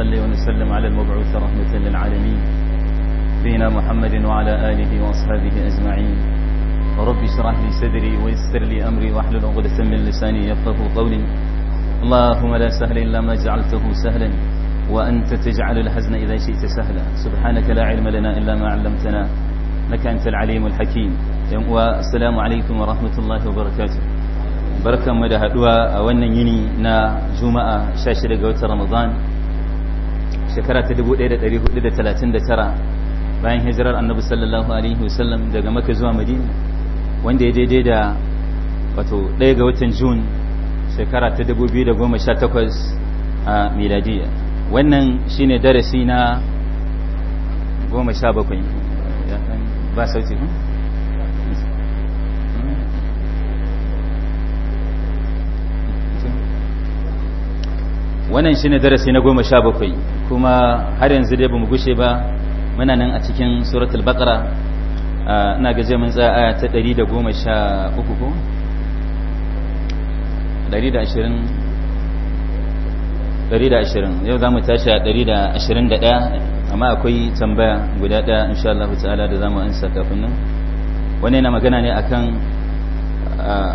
نصلي ونسلم على المبعوث رحمة للعالمين فينا محمد وعلى آله وأصحابه أجمعين رب اشرح لي صدري ويسر لي أمري واحلل عقدة من لساني يفقه قولي اللهم لا سهل إلا ما جعلته سهلا وأنت تجعل الحزن إذا شئت سهلا سبحانك لا علم لنا إلا ما علمتنا لك أنت العليم الحكيم والسلام عليكم ورحمة الله وبركاته بركة مدهدوا da نا جمعة شاشة yini رمضان shekara ta 1439 bayan hijirar annabi sallallahu alaihi wasallam daga maka zuwa madina wanda ya daidai da wato ɗaya ga watan jun shekara ta 2018 a miladiya wannan shine darasi na 17 ba sauti wannan shine darasi na goma sha bakwai kuma har yanzu dai bamu gushe ba muna nan a cikin suratul baqara ina gaje mun tsaya aya ta 113 ko 120 120 yau zamu tashi a 121 amma akwai tambaya guda daya insha Allah ta'ala da zamu ansa kafin nan wani yana magana ne akan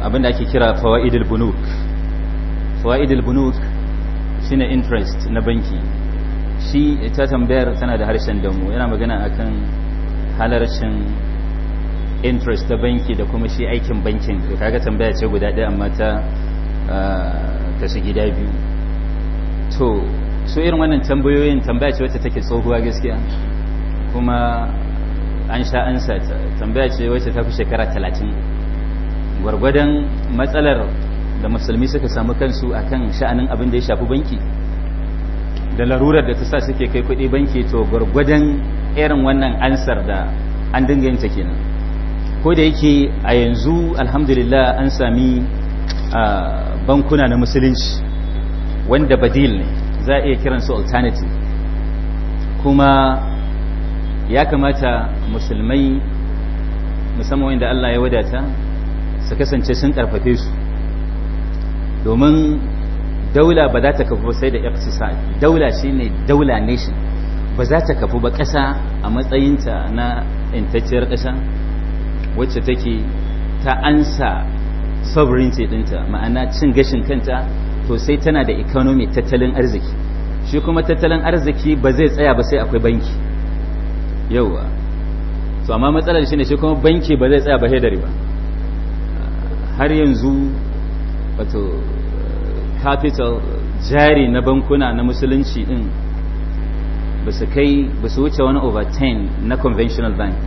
abin da ake kira fawaidul bunuk fawaidul bunuk shine interest na banki shi ta tambayar tana da harshen damu yana magana akan halarcin interest ta banki da kuma shi aikin bankin to kaga tambaya ce guda ɗaya amma ta ah, ta shi gida biyu to so irin wannan tambayoyin tambaya ce wacce take tsohuwa gaskiya kuma an sha ta tambaya ce wacce ta fi shekara talatin gwargwadon matsalar da musulmi suka samu kansu akan sha'anin abin da ya shafi banki da larurar da ta sa suke kai kuɗi banki to gwargwadon irin wannan ansar da an dinga yin ta kenan ko da yake a yanzu alhamdulillah an sami bankuna na musulunci wanda badil ne za a iya kiransu alternative kuma ya kamata musulmai musamman wanda Allah ya wadata su kasance sun karfafe su domin daula ba za ta kafu sai da iqtisad daula shine daula nation ba za ta kafu ba ƙasa a matsayinta na intacciyar ƙasa wacce take ta ansa sovereignty dinta ma'ana cin gashin kanta to sai tana da economy tattalin arziki shi kuma tattalin arziki ba zai tsaya ba sai akwai banki yauwa to amma matsalar shi ne shi kuma banki ba zai tsaya ba hedari ba har yanzu wato capital jari na bankuna na musulunci din ba su kai ba su wuce wani over 10 na conventional bank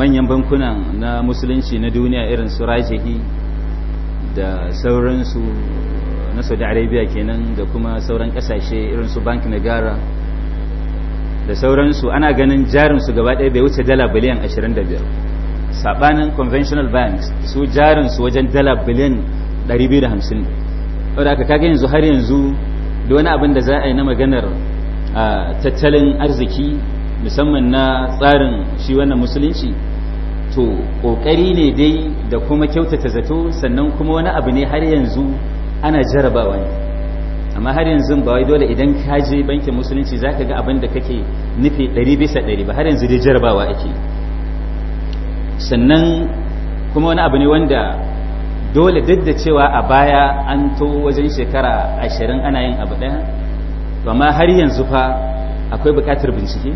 manyan bankuna na musulunci na duniya irin su rajihi da sauransu na saudi arabia kenan da kuma sauran kasashe irin su bank nagara da sauransu ana ganin jarinsu gaba ɗaya bai wuce dala biliyan 25 saɓanin conventional banks su jarinsu wajen dala biliyan 250 wadda aka kaga yanzu har yanzu da wani abin da za a yi na maganar tattalin arziki musamman na tsarin shi wannan musulunci to kokari ne dai da kuma kyautata zato sannan kuma wani abu ne har yanzu ana jarabawa ne amma har yanzu ba wai dole idan ka je bankin musulunci za ka ga abin da kake nufi ɗari bisa ɗari ba har yanzu dai jarabawa ake sannan kuma wani abu ne wanda dole duk da cewa a baya an to wajen shekara ashirin ana yin abu ɗaya amma har yanzu fa akwai buƙatar bincike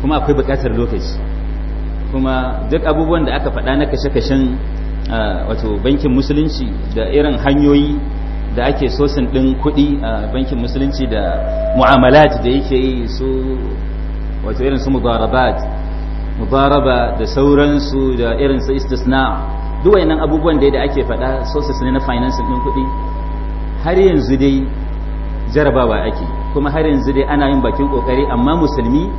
kuma akwai buƙatar lokaci kuma duk abubuwan da aka faɗa na kashe-kashen wato bankin musulunci da irin hanyoyi da ake sosin ɗin kuɗi a bankin musulunci da mu'amalat da yake yi su wato irin su mubaraba da sauransu da irin su istisna duk wayannan abubuwan da ake faɗa su ne na financing ɗin kuɗi har yanzu dai jarabawa ake kuma har yanzu dai ana yin bakin kokari amma musulmi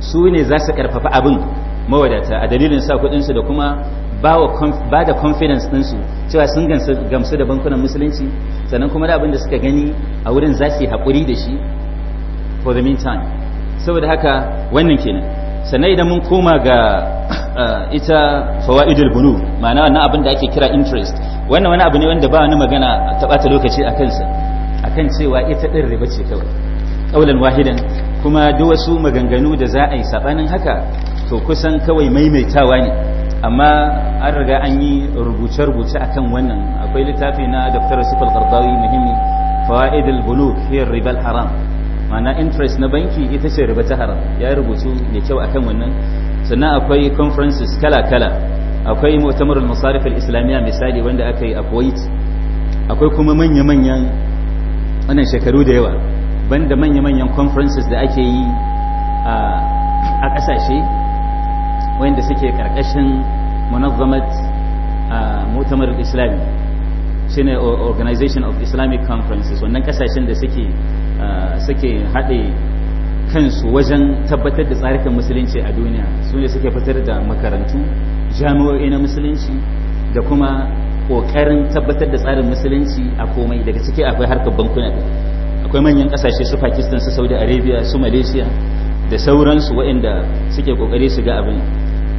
su ne za su karfafa abin mawadata a dalilin sa su da kuma ba da confidence ɗinsu cewa sun gamsu da bankunan musulunci sannan kuma da abin da suka gani a wurin za yi haƙuri da shi for the meantime saboda haka wannan kenan sannan idan mun koma ga eh, ita fawaidul bunu ma'ana wannan abin da ake kira interest wannan wani abu ne wanda ba wani magana ta bata lokaci a kansa akan cewa ita din riba ce kawai kaulan wahidan kuma duk wasu maganganu da za a yi sabanin haka to kusan kawai maimaitawa ne amma an riga an yi rubuce-rubuce akan wannan akwai littafi na daftar sifal qardawi muhimmi fawaidul bulugh fi riba haram ma'ana interest na banki ita ce riba ta haram ya rubutu mai kyau akan wannan sannan akwai conferences kala-kala akwai mu'tamarul musarif al-islamiyya misali wanda aka yi a Kuwait akwai kuma manya-manyan wannan shekaru da yawa banda manya-manyan conferences da ake yi a ƙasashe wanda suke karkashin munazzamat mu'tamarul islami shine organization of islamic conferences wannan ƙasashen da suke Eh, suke haɗe kansu wajen tabbatar da tsarikan musulunci a duniya su ne suke fitar da makarantu jami'o'i na musulunci da kuma ƙoƙarin tabbatar da tsarin musulunci a komai daga ciki akwai harkar bankuna akwai manyan ƙasashe su pakistan su saudi arabia su malaysia da sauransu waɗanda suke ƙoƙari su ga abin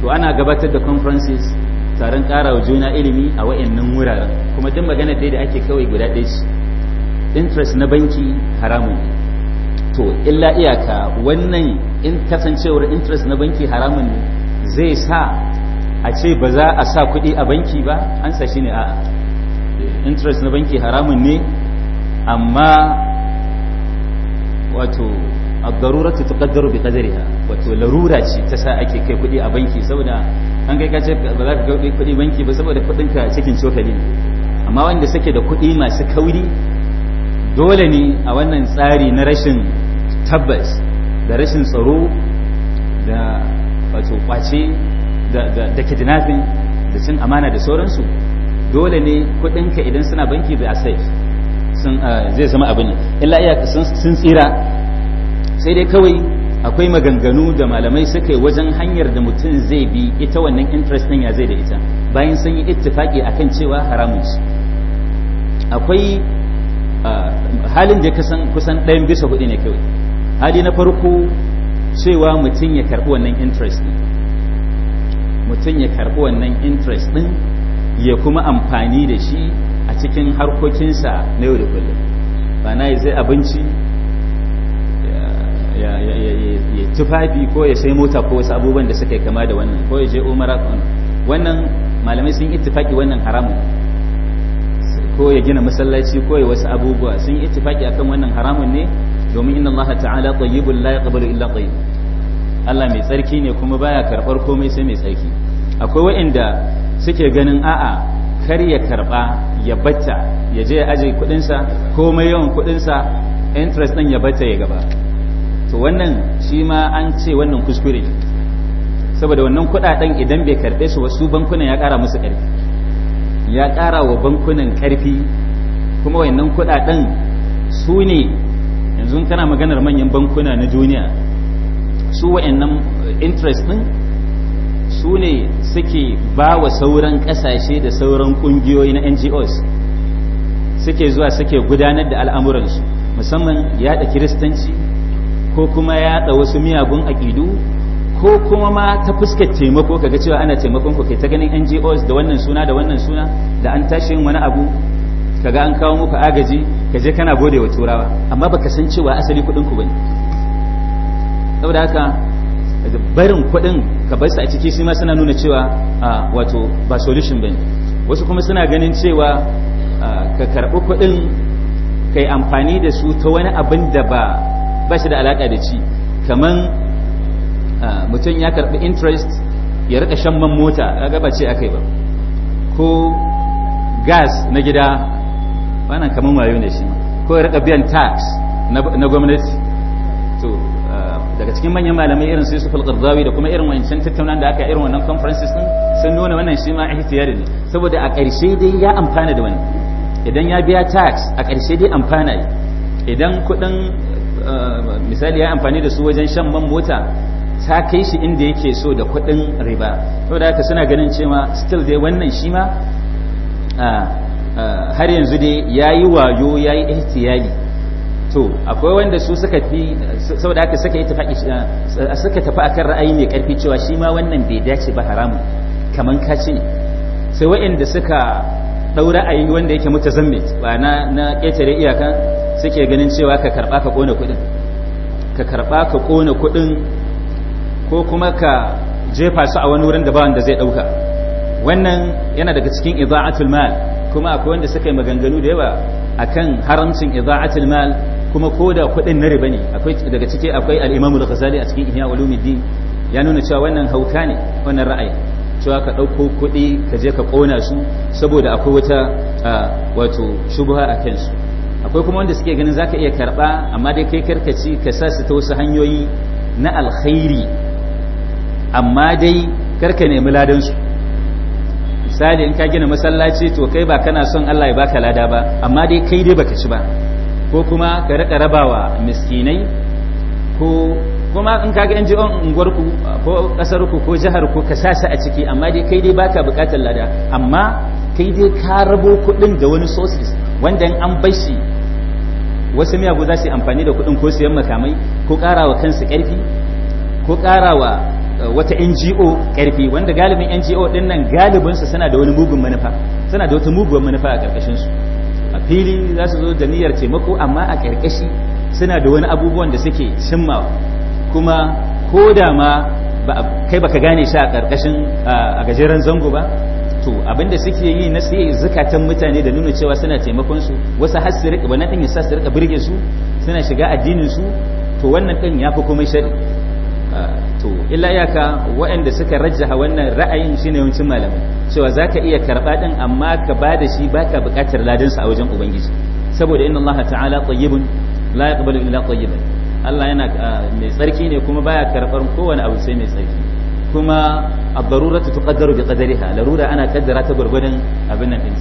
to ana gabatar da conferences taron ƙara wa juna ilimi a waɗannan wuraren kuma duk magana dai da ake kawai guda ɗaya interest na banki haramun ne to illa iyaka wannan in kasancewar interest na banki haramun ne zai sa a ce ba za a sa kuɗi a banki ba an sa shi ne a'a interest na banki haramun ne amma wato الضرورة تقدر بقدرها wato larura ce ta sa ake kai kuɗi a banki saboda an kai kace ba za ka kai kuɗi banki ba saboda kuɗinka ka cikin cokali amma wanda suke da kuɗi masu kauri dole ne a wannan tsari na rashin tabbas da rashin tsaro da wato kwace da kidnapping da cin amana da sauransu dole ne kudinka idan suna banki bai a safe ah, zai zama abin ne illa iya sun tsira sai dai kawai akwai maganganu da malamai suka yi wajen hanyar da mutum zai bi ita wannan interest ɗin ya zai da ita bayan sun yi ittifaki akan cewa haramun akwai halin da kasan kusan ɗayan bisa hudu ne kawai hali na farko cewa mutum ya karɓi wannan interest ɗin mutum ya karɓi wannan interest ɗin ya kuma amfani da shi a cikin harkokinsa na yau da kullum ba na zai abinci ya tufafi ko ya sai mota ko wasu abubuwan da suka yi kama da wannan ko ya je umara wannan malamai sun ittifaki wannan haramun ko ya gina masallaci ko ya wasu abubuwa sun yi itifaki akan wannan haramun ne domin inna Allah ta'ala tayyibul la yaqbalu illa tayyib Allah mai tsarki ne kuma baya karbar komai sai mai tsarki akwai waɗanda suke ganin a'a kar ya karba ya batta ya je ya aje kudin sa komai yawan kudin sa interest din ya batta ya gaba to wannan shi ma an ce wannan kuskure saboda wannan kuɗaɗen idan bai karɓe su wasu bankunan ya kara musu karfi ya ƙara wa bankunan ƙarfi kuma wayannan kuɗaɗen su ne yanzu kana maganar manyan bankuna na duniya su wayannan interest din su ne suke ba wa sauran ƙasashe da sauran ƙungiyoyi na ngos suke zuwa suke gudanar da al'amuransu musamman yaɗa kiristanci ko kuma yaɗa wasu miyagun aƙidu ko kuma ma ta fuska taimako kaga cewa ana taimakon ku ke ta ganin NGOs da wannan suna da wannan suna da an tashi yin wani abu kaga an kawo muku agaji kaje kana gode wa turawa amma baka san cewa asali kuɗin ku bane saboda haka barin kuɗin ka bar sa a ciki shi ma suna nuna cewa wato ba solution bane wasu kuma suna ganin cewa ka karɓi kuɗin kai amfani da su ta wani abin da ba ba shi da alaka da ci kaman Ah, mutum ya karbi interest ya rika shan man mota a ba ce yi ba ko gas na gida wannan kamar mayo ne shi ko ya rika biyan tax na gwamnati to ah, daga cikin manyan malamai irin su Yusuf al-Qardawi da kuma irin wancan tattaunan da aka irin wannan conferences din sun nuna wannan shi ma ihtiyari ne saboda a ƙarshe dai ya amfana da wani idan ya biya tax a ƙarshe dai amfana idan kuɗin ah, misali ya amfani da su wajen shan man mota ta kai shi inda yake so da kuɗin riba to da haka suna ganin cewa still dai wannan shi ma har yanzu dai ya yi wayo ya yi ihtiyali to akwai wanda su suka fi saboda haka suka yi tafi suka tafi akan ra'ayi mai karfi cewa shi ma wannan bai dace ba haramun kaman ka ce sai waɗanda suka ɗaura ayi wanda yake mutazammit ba na na ƙetare iyaka suke ganin cewa ka karɓa ka ƙona kuɗin ka karɓa ka ƙona kuɗin ko kuma ka jefa su a wani wurin da ba wanda zai dauka wannan yana daga cikin ida'atul mal kuma akwai wanda suka yi maganganu da yawa akan haramcin ida'atul mal kuma ko da kuɗin na riba ne akwai daga ciki akwai al-Imam al-Ghazali a cikin Ihya Ulumuddin ya nuna cewa wannan hauka ne wannan ra'ayi cewa ka ɗauko kuɗi ka je ka ƙona su saboda akwai wata wato shubha a su akwai kuma wanda suke ganin zaka iya karɓa amma dai kai karkaci ka sa su ta wasu hanyoyi na alkhairi amma dai karka nemi su misali in ka gina masallaci to kai ba kana son Allah ya baka lada ba amma dai kai dai baka ci ba ko kuma ka rika rabawa miskinai ko kuma in ka kaga yan on unguwarku ko ƙasarku ko jihar ku ka sasa a ciki amma dai kai dai baka bukatar lada amma kai dai ka rabo kuɗin da wani sources wanda in an shi wasu miyagu za su yi amfani da kuɗin ko siyan makamai ko ƙara wa kansu ƙarfi ko ƙara wa wata NGO karfi wanda galibin NGO din nan su suna da wani mugun manufa suna da wata mugun manufa a karkashin su a fili za su zo da niyyar taimako amma a karkashi suna da wani abubuwan da suke cimmawa kuma ko da ma kai baka gane shi a karkashin a gajeren zango ba to abinda suke yi na sai zukatan mutane da nuna cewa suna taimakon su wasu har su rika wannan din yasa su rika burge su suna shiga addinin su to wannan din yafi komai shari to illa iyaka waɗanda suka rajjaha wannan ra'ayin shi ne yawancin malamai cewa za ka iya karba din amma ka ba da shi ba ka buƙatar ladan sa a wajen ubangiji saboda inna Allah ta'ala tayyibun la yaqbalu illa tayyiban Allah yana ah, mai tsarki ne kuma baya karɓar kowane abu sai mai tsarki kuma ad-daruratu tuqaddaru bi qadariha larura ana kaddara ta gurgurdan abin nan din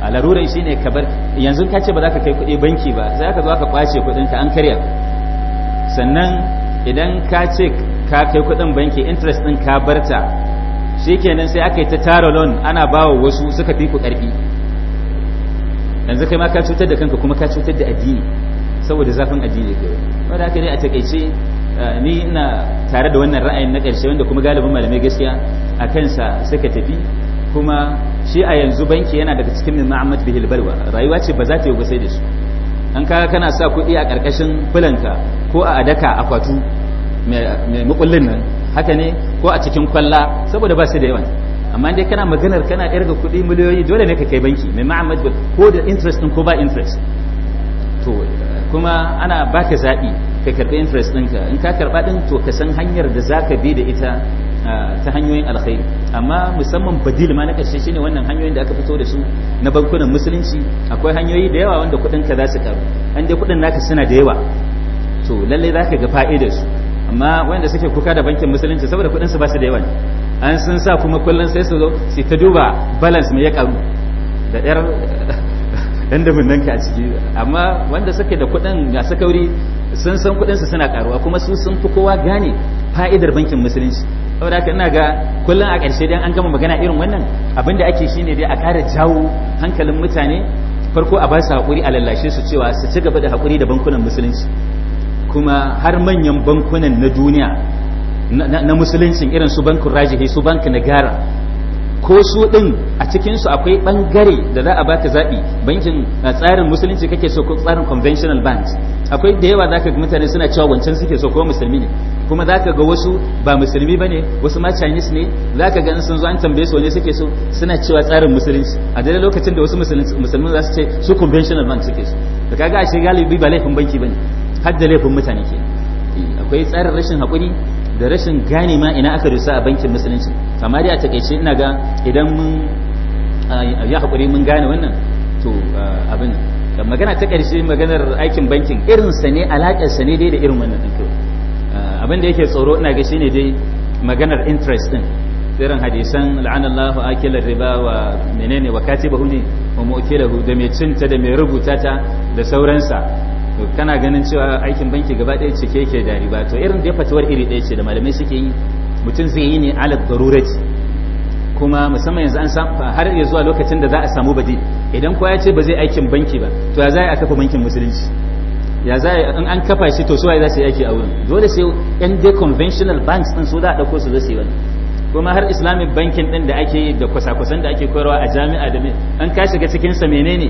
a laruran shine ka bar yanzu ka ce ba za ka kai kuɗi banki ba sai aka zo aka kwace kuɗinka an karya sannan idan ka ce ka kai kuɗin banki interest din ka barta shikenan sai aka yi ta tara loan ana bawa wasu suka fi ku ƙarfi yanzu kai ma ka cutar da kanka kuma ka cutar da addini saboda zafin addini kai wanda aka dai a takaice eh, ni ina tare da wannan ra'ayin na ƙarshe wanda kuma galibin malamai gaskiya a kansa suka tafi kuma shi a yanzu banki yana daga cikin min ma'amad bihil balwa rayuwa ce ba za ta yi ba sai da su an kaga kana sa kuɗi a ƙarƙashin bulanka ko a adaka akwatu mai mukullin nan haka ne ko a cikin kwalla saboda ba su da yawan amma dai kana maganar kana irga kuɗi miliyoyi dole ne ka kai banki mai ma'amad ko da interest din ko ba interest to kuma ana baka zaɓi ka karɓi interest ɗinka in ka karɓa ɗin to ka san hanyar da za ka bi da ita ta hanyoyin alkhairi amma musamman badil ma na ƙarshe ne wannan hanyoyin da aka fito da su na bankunan musulunci akwai hanyoyi da yawa wanda kuɗinka za su karu an dai kuɗin naka suna da yawa to lallai za ka ga fa'idar su amma wanda suke kuka da bankin musulunci saboda kuɗin su ba su da yawa an sun sa kuma kullum sai su zo su ta duba balance mai ya karu da ɗayar dan da a ciki amma wanda suke da kuɗin ga sakauri sun san kuɗin su suna karuwa kuma su sun fi kowa gane fa'idar bankin musulunci saboda haka ina ga kullum a ƙarshe dan an gama magana irin wannan abin da ake shine dai a ƙara jawo hankalin mutane farko a ba su haƙuri a lallashe su cewa su ci gaba da haƙuri da bankunan musulunci kuma har manyan bankunan na duniya na musuluncin irin su bankin rajihi su bankin gara ko su din a cikinsu akwai bangare da za a baka zaɓi bankin tsarin musulunci kake so ko tsarin conventional banks akwai da yawa zaka ga mutane suna cewa wancan suke so ko musulmi ne kuma zaka ga wasu ba musulmi bane wasu ma chinese ne zaka ga sun zo an tambaye su wane suke so suna cewa tsarin musulunci a daidai lokacin da wasu musulmi za su ce su conventional banks suke so da kaga ashe galibi ba laifin banki bane hadda laifin mutane ke eh, akwai tsarin rashin haƙuri da rashin gane ma ina aka rusa a bankin musulunci amma dai a takaice ina ga idan mun ya haƙuri mun gane wannan to abin magana ta ƙarshe maganar aikin bankin irin sa ne sa ne dai da irin wannan ɗin abin da yake tsoro ina ga shine dai maganar interest din irin hadisan la'anallahu akilar riba wa menene wa katibahu ne wa mu'tilahu da mai cinta da mai rubuta ta da sauransa to kana ganin cewa aikin banki gaba ɗaya ce ke ke da riba to irin da fatuwar iri ɗaya ce da malamai suke yi mutum zai yi ne alat darurati kuma musamman yanzu an samu har ya zuwa lokacin da za a samu badi idan kowa ya ce ba zai aikin banki ba to ya za a kafa bankin musulunci ya za a in an kafa shi to suwaye za su yi aiki a wurin dole sai yan dai conventional banks din su za a ɗauko su zai wani kuma har islamic banking din da ake yi da kwasa-kwasan da ake koyarwa a jami'a da an ka shiga cikinsa menene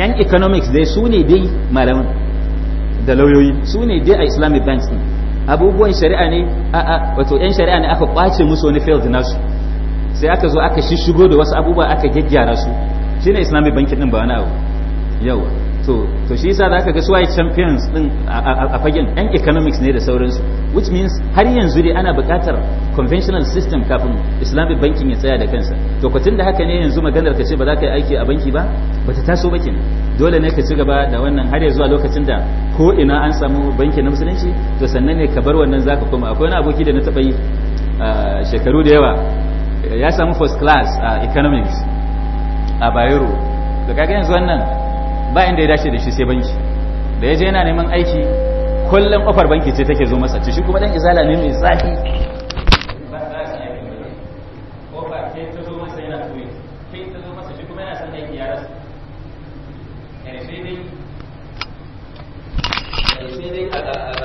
yan economics dai su ne dai malaman da lauyoyi su ne dai a islamic banks ne abubuwan shari'a ne a a wato yan shari'a ne aka kwace musu wani failed nasu sai aka zo aka shishigo da wasu abubuwa aka gyaggyara su shine islamic bank din ba wani abu yawa to to shi yasa zaka ga suwaye champions din a fagen yan economics ne da sauransu which means har yanzu dai ana bukatar conventional system kafin islamic banking ya tsaya da kansa to kwatin da haka ne yanzu maganar ka ce ba za ka yi aiki a banki ba ba ta taso ba kenan dole ne ka ci gaba da wannan har ya zuwa lokacin da ko ina an samu banki na musulunci to sannan ne ka bar wannan zaka koma akwai wani aboki da na taba yi shekaru da yawa ya samu first class a economics a bayero da kaga yanzu wannan ba inda ya dace da shi sai banki da ya je yana neman aiki kullum ofar banki ce take zo masa shi kuma dan izala ne mai zafi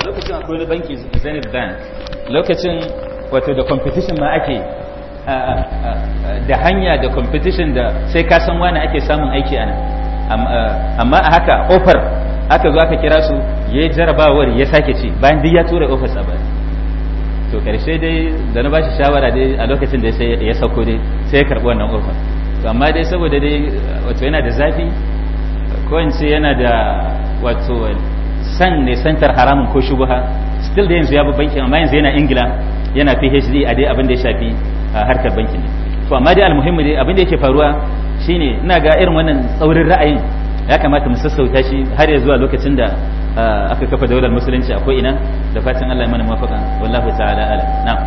lokacin akwai wani banki zenith bank lokacin wato da competition ma ake da hanya da competition da sai ka san wani ake samun aiki ana amma a haka offer aka zo aka kira su ya jarabawar ya sake ci bayan duk ya tura office a to karshe dai da na bashi shawara dai a lokacin da ya sauko dai sai ya karbi wannan offer to amma dai saboda dai wato yana da zafi ko in ce yana da wato san ne santar haramun ko shubuha still da yanzu ya bi banki amma yanzu yana ingila yana phd a dai abin da ya shafi harkar bankin ne to amma dai almuhimmi dai abin da yake faruwa shine ina ga irin wannan tsaurin ra'ayin ya kamata mu sassauta shi har ya zuwa lokacin da aka kafa daular musulunci a ina da fatan Allah ya mana mafaka wallahu ta'ala na'am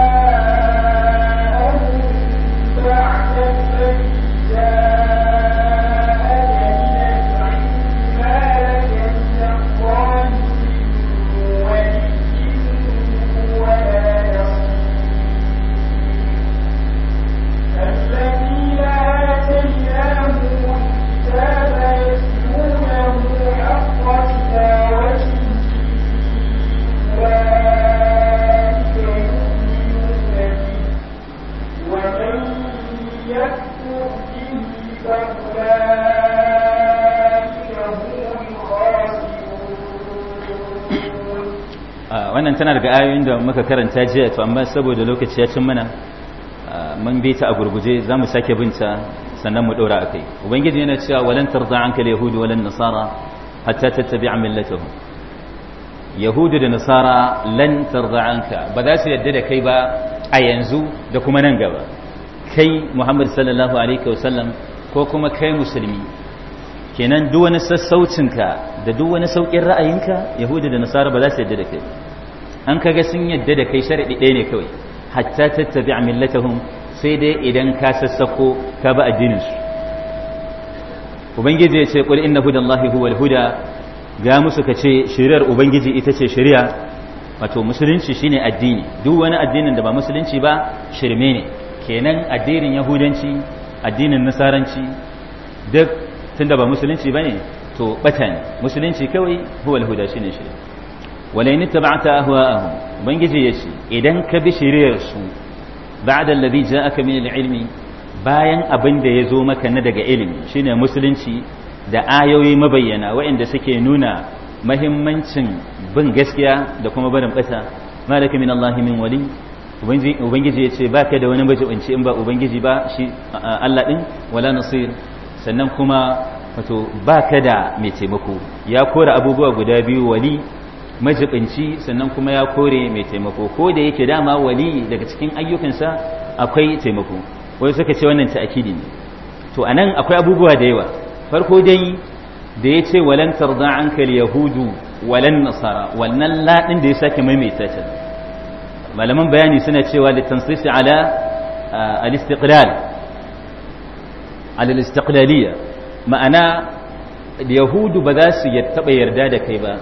tana daga ayoyin da muka karanta jiya to amma saboda lokaci ya cin mana mun bi ta a gurguje za mu sake binta sannan mu ɗora a kai ubangiji yana cewa walan tarza an kala yahudu walan nasara hatta tattabi'a millatahum yahudu da nasara lan tarza ka ba za su yadda da kai ba a yanzu da kuma nan gaba kai muhammad sallallahu alaihi wasallam ko kuma kai musulmi kenan duk wani sassaucinka da duk wani saukin ra'ayinka yahudu da nasara ba za su yadda da kai an kaga sun yadda da kai sharadi ɗaya ne kawai hatta tattabi millatahum sai dai idan ka sassako ka ba addinin su ubangiji ya ce qul inna hudallahi huwal huda ga musu kace shari'ar ubangiji ita ce shari'a wato musulunci shine addini duk wani addinin da ba musulunci ba shirme ne kenan addinin yahudanci addinin nasaranci duk tunda ba musulunci bane to bata ne musulunci kawai huwal huda shine shari'a walaini tabata ahwa'ahum ubangiji yace idan ka bi shiriyar su ba'da alladhi ja'aka min bayan abin da ya zo maka na daga ilimi shine musulunci da ayoyi mabayyana waɗanda suke nuna mahimmancin bin gaskiya da kuma barin bata malaka min Allah min wali ubangiji ya ce ba ka da wani majibanci in ba ubangiji ba shi Allah din wala nasir sannan kuma wato ba ka da mai taimako ya kora abubuwa guda biyu wali majibinci sannan kuma ya kore mai taimako ko da yake dama wali daga cikin ayyukansa akwai taimako wai suka ce wannan ta'akidi ne to anan akwai abubuwa da yawa farko dai da ya ce walan tarda anka yahudu walan nasara wannan ladin da ya sake maimaita ta malaman bayani suna cewa litansisi ala ah, al-istiqlal al-istiqlaliyya ma'ana yahudu ba za su taɓa yarda da kai ba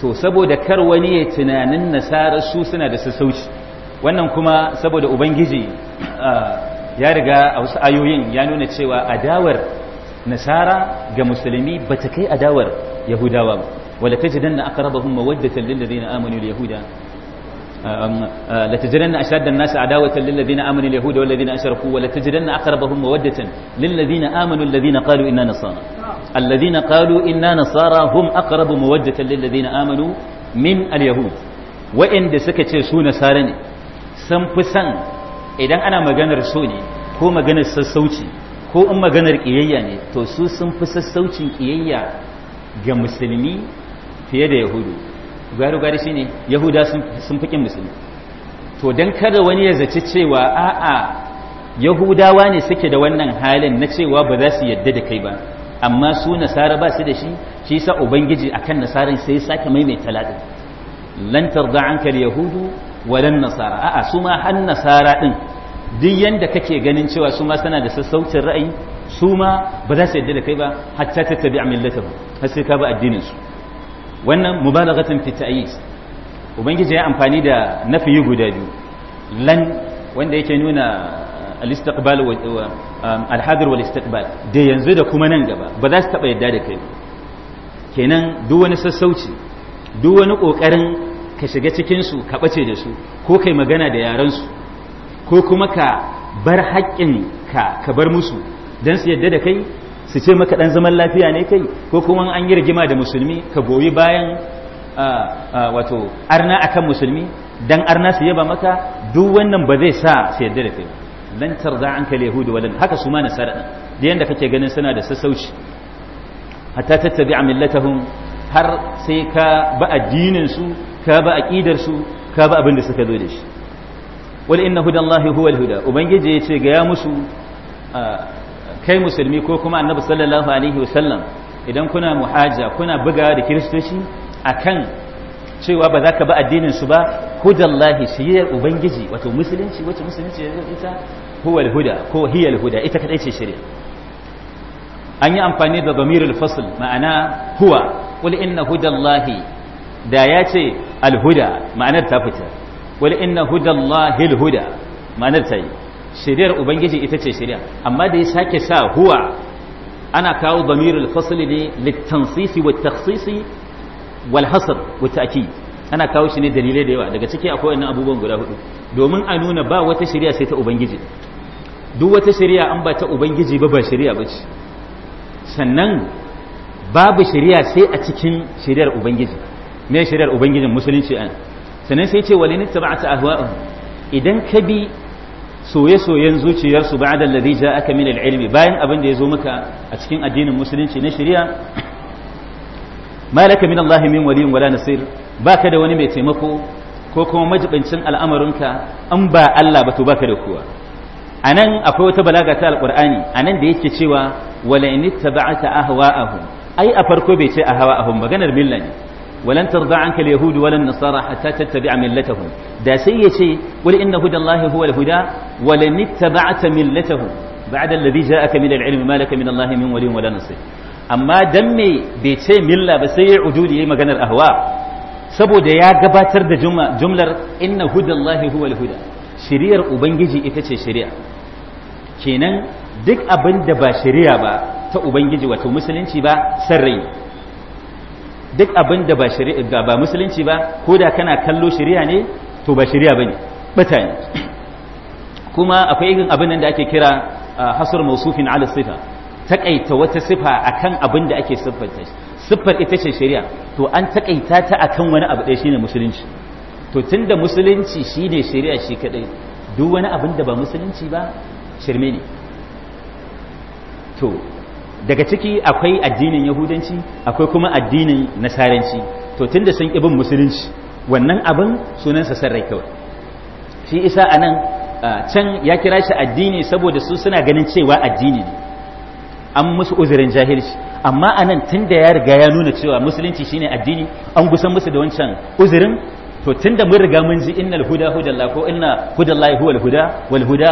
to saboda kar wani ya tunanin nasara su suna da sassauci wannan kuma saboda ubangiji ya riga a wasu ayoyin ya nuna cewa adawar nasara ga musulmi ba ta kai adawar yahudawa wala tajidanna aqrabahum mawaddatan lil na amanu al yahuda لتجدن أشد الناس عداوة للذين آمنوا اليهود والذين أشركوا ولتجدن أقربهم مودة للذين آمنوا الذين قالوا إنا نصارى الذين قالوا إنا نصارى هم أقرب مودة للذين آمنوا من اليهود وإن سكت سو نصارى سنفسن إذا أنا مجانا سوني ko maganar sassauci ko in maganar ƙiyayya ne to su sun fi sassaucin ƙiyayya ga musulmi fiye da yahudu gwari gwari shine yahuda sun fi kin musulmi to dan kada wani ya zaci cewa a'a yahudawa ne suke da wannan halin na cewa ba za su yadda da kai ba amma su nasara ba su da shi shi sa ubangiji akan nasaran sai ya sake mai ladin lan tarda anka yahudu walan nasara a'a su ma har nasara din duk yanda kake ganin cewa su ma suna da sassaucin ra'ayi su ma ba za su yadda da kai ba hatta tattabi a har sai ka ba addinin su wannan mubalaghatan fi yi ubangiji ya amfani da nafiyi guda biyu lan wanda yake nuna uh, al-istiqbal wa um, al da yanzu da kuma nan gaba ba za su taba yadda da kai kenan duk wani sassauci duk wani kokarin ka shiga cikin su ka ɓace da su ko kai magana da yaran su ko kuma ka bar haƙƙin ka ka bar musu don su yadda da kai su ce maka dan zaman lafiya ne kai ko kuma an yi rigima da musulmi ka goyi bayan wato arna akan musulmi dan arna su yaba maka duk wannan ba zai sa su yarda da kai lan tarda anka yahudu walan haka su ma nasara din da yanda kake ganin suna da sassauci hatta tattabi'a millatahum har sai ka ba addinin su ka ba aqidar su ka ba abin da suka zo da shi wal inna hudallahi huwal huda ubangiji ya ga ya musu kai musulmi ko kuma annabi sallallahu alaihi wasallam idan kuna muhaja kuna buga da kiristoci akan cewa ba za ka ba addinin su ba hudallahi shiriyar ubangiji wato musulunci wace musulunci ya ta huwa huda ko hiya huda ita kadai ce shari'a an yi amfani da damirul fasl ma'ana huwa qul inna hudallahi da ya ce alhuda ma'anar ta fita qul inna hudallahi alhuda ma'anar ta yi shari'ar ubangiji ita ce shari'a amma da ya sake sa huwa ana kawo damirul fasli ne litansisi wa takhsisi wal hasr wa ta'kid ana kawo shi ne dalilai da yawa daga ciki akwai wannan abubuwan guda hudu domin a nuna ba wata shari'a sai ta ubangiji duk wata shari'a an ba ta ubangiji ba ba shari'a ba ce sannan babu shari'a sai a cikin shari'ar ubangiji me shari'ar ubangijin musulunci an sannan sai ce walin tabata ahwa'u idan ka bi soye-soyen zuciyarsu ba da ladhi ja'aka min ilmi bayan abin da ya zo maka a cikin addinin musulunci na shari'a malaka min Allah min waliyin wala nasir baka da wani mai taimako ko kuma majibincin al'amarinka in ba Allah ba to baka da kowa nan akwai wata balaga ta a anan da yake cewa wala in tabata ahwa'ahum ai a farko bai ce ahwa'ahum maganar milla ne walan tarda Yahudu al-yahud wala an-nasara hatta tattabi'a millatahum da sai yace qul inna hudallahi huwa al-huda wa lan ittaba'ta millatahum ba'da alladhi ja'aka min al-ilmi ma laka min allahi min waliyyin wala nasir amma dan me bai ce milla ba sai ya ududi yayi maganar ahwa saboda ya gabatar da jumlar inna hudallahi huwa al-huda shari'ar ubangiji ita ce shari'a kenan duk abinda ba shiriya ba ta ubangiji wato musulunci ba sarrai duk abin da ba shari'a ba musulunci ba ko da kana kallo shari'a ne to ba shari'a bane bata ne kuma akwai irin abin nan da ake kira hasr mawsufin ala sifa takaita wata sifa akan abin da ake siffanta shi siffar ita ce shari'a to an takaita ta akan wani abu ɗaya shine musulunci to tunda musulunci shine shari'a shi kadai duk wani abin da ba musulunci ba shirme ne to daga ciki akwai addinin yahudanci akwai kuma addinin nasaranci to tunda sun ibin musulunci wannan abin sunansa sarrai kawai shi isa anan can ya kira shi addini saboda su suna ganin cewa addini ne an musu uzurin jahilci amma anan nan tun da ya riga ya nuna cewa musulunci shine addini an gusan musu da wancan uzurin to tun da mun riga mun ji innal huda hudallah ko inna hudallahi huwal huda wal huda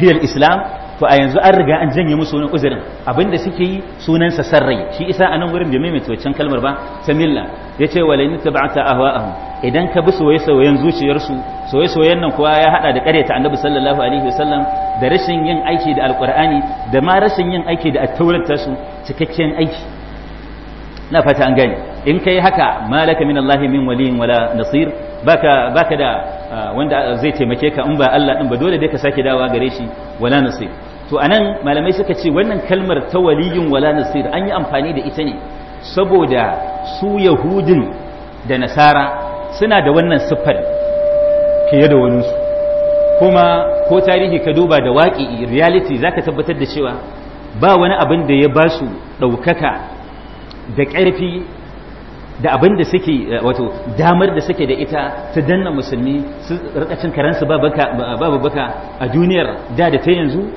hiyal islam to a yanzu an riga an janye musu wani uzurin abinda suke yi sunansa sarrai shi isa a nan wurin bai maimaita wancan kalmar ba ta milla ya ce walayin ta ba'ata ahwa'ahum idan ka bi soye soyen zuciyarsu soye soyen nan kuwa ya hada da karyata annabi sallallahu alaihi wasallam da rashin yin aiki da alqur'ani da ma rashin yin aiki da attaurata su cikakken aiki na fata an gane in kai haka malaka min Allah min waliyin wala nasir baka baka da ah, wanda zai taimake ka in ba Allah din ba dole dai ka sake dawowa gare shi wala nasir to anan malamai suka ce wannan kalmar ta waliyin wala nasir an yi amfani da ita ne saboda su yahudin da nasara suna da wannan siffar fiye da wani kuma ko tarihi ka duba da waƙi reality zaka tabbatar da cewa ba wani abin da ya ba su ɗaukaka da ƙarfi da abin da suke wato damar da suke da ita ta danna musulmi su rikacin cin karansu ba baka a duniyar da da ta yanzu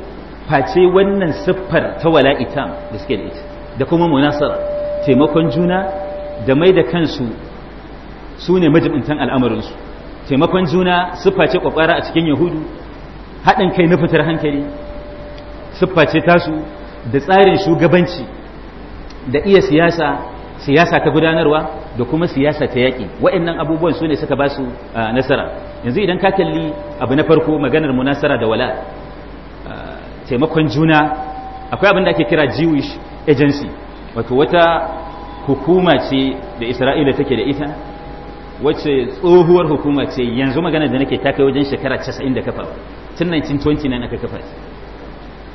face wannan siffar ta wala'ita da suke da ita da kuma munasara taimakon juna da mai da kansu su ne majibintan al'amarinsu taimakon juna siffa ce kwakwara a cikin yahudu haɗin kai na fitar hankali siffa ce tasu da tsarin shugabanci da iya siyasa siyasa ta gudanarwa da kuma siyasa ta yaƙi waɗannan abubuwan su ne suka ba su ah, nasara yanzu idan ka kalli abu na farko maganar munasara da wala taimakon juna akwai abin da ake kira jewish agency wato wata hukuma ce da isra'ila take da ita wacce tsohuwar hukuma ce yanzu magana da nake ta kai wajen shekara 90 da kafa tun 1929 aka kafa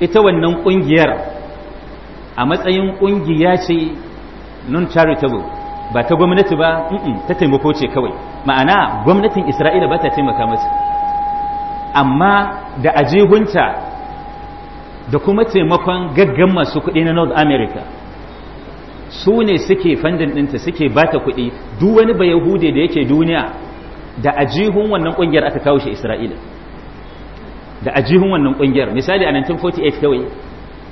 ita wannan kungiyar a matsayin kungiya ce non charitable ba ta gwamnati ba ta taimako ce kawai ma'ana gwamnatin isra'ila ba ta taimaka mata amma da ajihunta da kuma taimakon gaggan masu kuɗi na north america su ne suke fandin ɗinta suke ba ta kuɗi duk wani ba yahude da yake duniya da ajihun wannan ƙungiyar aka kawo shi isra'ila da ajihun wannan ƙungiyar misali a 1948 kawai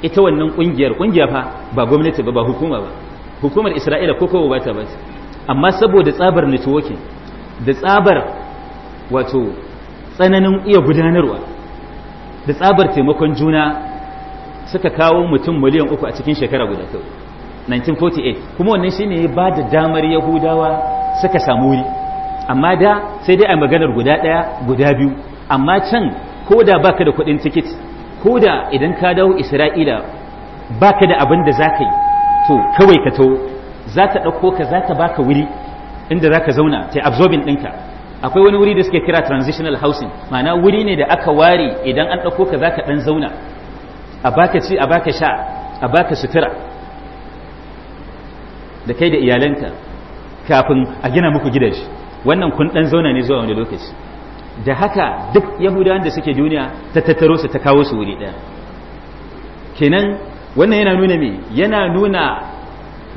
ita wannan ƙungiyar ƙungiya fa ba gwamnati ba ba hukuma ba hukumar isra'ila ko kawai ba ta ba amma saboda tsabar networking da tsabar wato tsananin iya gudanarwa da tsabar taimakon juna suka kawo mutum miliyan uku a cikin shekara guda kawai 1948 kuma wannan shine ya ba da damar yahudawa suka samu wuri amma da sai dai a maganar guda ɗaya guda biyu amma can ko da ba ka da kuɗin tikit ko da idan ka dawo isra'ila ba ka da abin da za ka yi to kawai ka to za ka ɗauko ka za ba baka wuri inda za ka zauna ta absorbing ɗinka akwai wani wuri da suke kira transitional housing ma'ana wuri ne da aka ware idan an ɗauko ka za ka ɗan zauna a baka ci a baka sha a baka sutura da kai da iyalanka kafin a gina muku gidaje wannan kun dan zauna ne zuwa wani lokaci da haka duk Yahudawa da suke duniya ta tattaro su ta kawo su wuri ɗaya kenan wannan yana nuna me yana nuna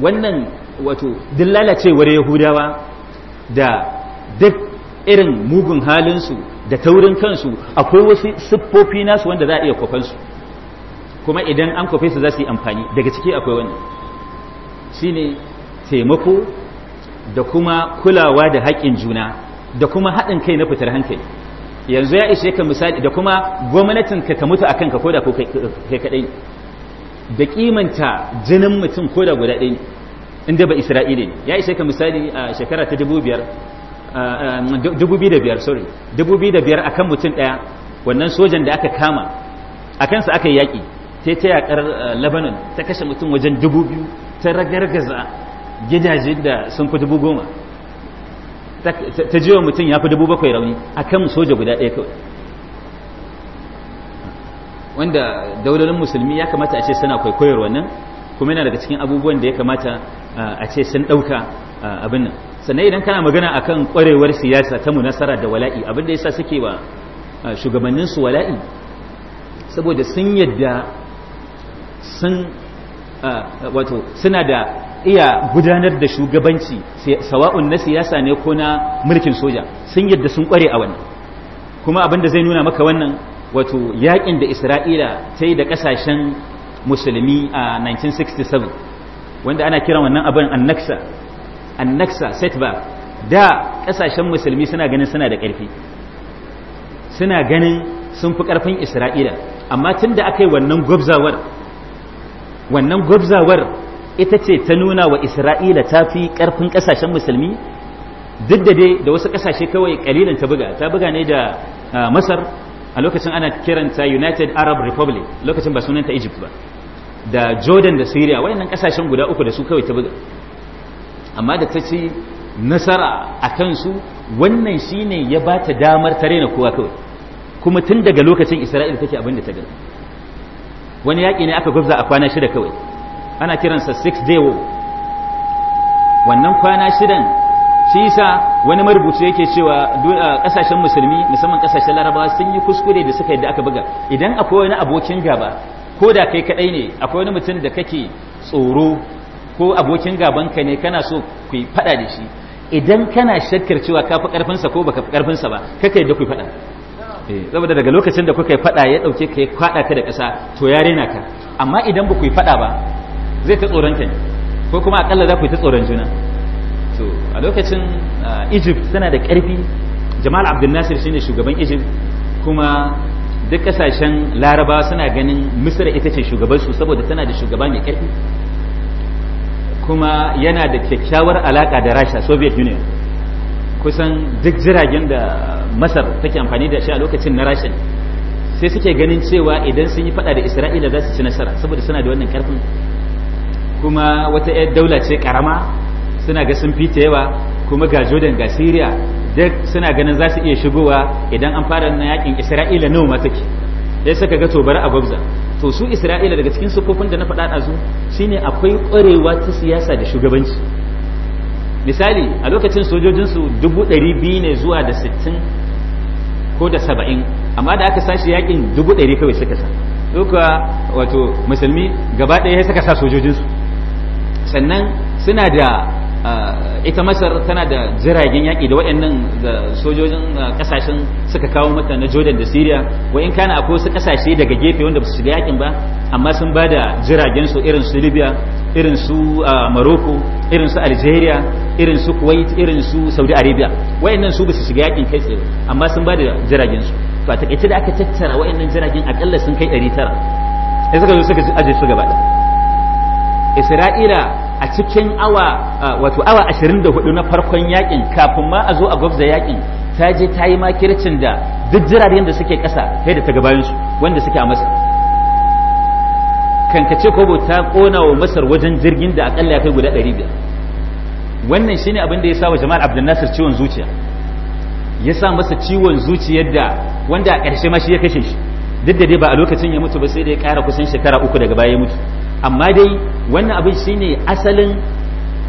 wannan wato duk lalacewar yahudawa da duk irin mugun halinsu da taurin kansu akwai wasu siffofi nasu wanda za a iya kwafansu kuma idan an kwafe su za su yi amfani daga ciki akwai wani shi ne taimako da kuma kulawa da haƙƙin juna da kuma haɗin kai na fitar hankali yanzu ya ishe ka misali da kuma gwamnatin ka ka mutu kanka ko da ko kai kaɗai da kimanta jinin mutum da guda ɗaya inda ba isra'ili ne ya ishe ka misali a shekara ta dubu dubu biyar da biyar sorry a kan mutum ɗaya wannan sojan da aka kama a kansa aka yi yaƙi ta ta yakar eh, labanan ta kashe mutum wajen dubu biyu ta ragargaza gidaje da sun fi dubu goma ta jiwa mutum ya fi dubu bakwai rauni a kan soja guda ɗaya kawai wanda daularin musulmi ya kamata a ce suna kwaikwayar wannan kuma yana daga cikin abubuwan da ya kamata eh, a ce sun ɗauka eh, abin nan sannan idan kana magana akan kwarewar siyasa ta munasara da wala'i abin da sa suke wa shugabanninsu wala'i saboda sun yadda sun wato suna da iya gudanar da shugabanci sawa'un na siyasa ne ko na mulkin soja sun yadda sun kware a wannan kuma abin da zai nuna maka wannan wato yakin da isra'ila ta yi da kasashen musulmi a 1967 wanda ana kiran wannan abin annaksa annaksa setback da kasashen musulmi suna ganin suna da ƙarfi suna ganin sun fi ƙarfin isra'ila amma tun da aka yi wannan gwabzawar wannan gwabzawar ita ce ta nuna wa isra'ila ta fi karfin kasashen musulmi duk da dai da wasu ƙasashe kawai kalilan ta buga ta buga ne da ah, masar a lokacin ana kiranta united arab republic lokacin ba sunanta egypt ba da jordan da syria nan ƙasashen guda uku da su kawai ta buga amma da ta ci nasara a kansu wannan shine ya ba ta damar ta na kowa kawai kuma tun daga lokacin isra'ila take abin da ta gani wani yaƙi ne aka gwabza a kwana shida kawai ana kiransa six day war wannan kwana shidan shi yasa wani marubuci yake cewa kasashen musulmi musamman kasashen larabawa sun yi kuskure da suka yadda aka buga idan akwai wani abokin gaba ko da kai kaɗai ne akwai wani mutum da kake tsoro ko abokin gabanka ne kana so ku faɗa da shi idan kana shakkar cewa ka fi ƙarfinsa ko baka fi karfinsa ba kaka yadda ku faɗa Eh, saboda daga lokacin da kuka yi fada ya dauke ka ya fada ka da ƙasa to ya rena ka amma idan ba ku yi fada ba zai ta tsoron ka ko kuma akalla za ku yi ta tsoron juna to a lokacin Egypt tana da ƙarfi Jamal Abdul Nasir shine shugaban Egypt kuma duk ƙasashen Laraba suna ganin Misra ita ce shugabansu saboda tana da shugaba mai ƙarfi kuma yana da kyakkyawar alaka da Rasha Soviet Union kusan duk jiragen da masar take amfani da shi a lokacin na rashin sai suke ganin cewa idan sun yi fada da isra'ila za su ci nasara saboda suna da wannan karfin kuma wata yar daula ce karama suna ga sun fita yawa kuma ga jordan ga syria duk suna ganin za su iya shigowa idan an fara na yakin isra'ila nawa ma take sai saka ga tobar a gwabza to su isra'ila daga cikin sufofin da na faɗa ɗazu shine akwai ƙwarewa ta siyasa da shugabanci misali a lokacin sojojinsu dubu ɗari biyu ne zuwa da sittin ko da saba'in amma da aka sashi yakin dubu ɗari kawai suka sa duka wato musulmi gaba ɗaya suka sa sojojinsu sannan suna da ita masar tana da jiragen yaƙi da waɗannan da sojojin ƙasashen suka kawo mata na jordan da syria wa'in kana akwai wasu ƙasashe daga gefe wanda ba su shiga yaƙin ba amma sun ba da jiragen su irin su libya irin su morocco irin su algeria irin su kuwait irin su saudi arabia wayannan su basu shiga yakin kai tsaye amma sun bada jiragen su to a takaice da aka tattara wayannan jiragen akalla sun kai 900 sai suka zo suka aje su gaba isra'ila a cikin awa wato awa 24 na farkon yakin kafin ma a zo a gwabza yakin ta je ta yi makircin da duk jiragen da suke kasa kai da ta gabayin su wanda suke a masa kankace kobo ta kona wa masar wajen jirgin da akalla ya kai guda ɗari 500 wannan shine abin da ya sa wa jama'ar abdul nasar ciwon zuciya ya sa masa ciwon zuciya da wanda a ƙarshe ma shi ya kashe shi duk da dai ba a lokacin ya mutu ba sai da ya ƙara kusan shekara uku daga baya ya mutu amma dai wannan abin shine asalin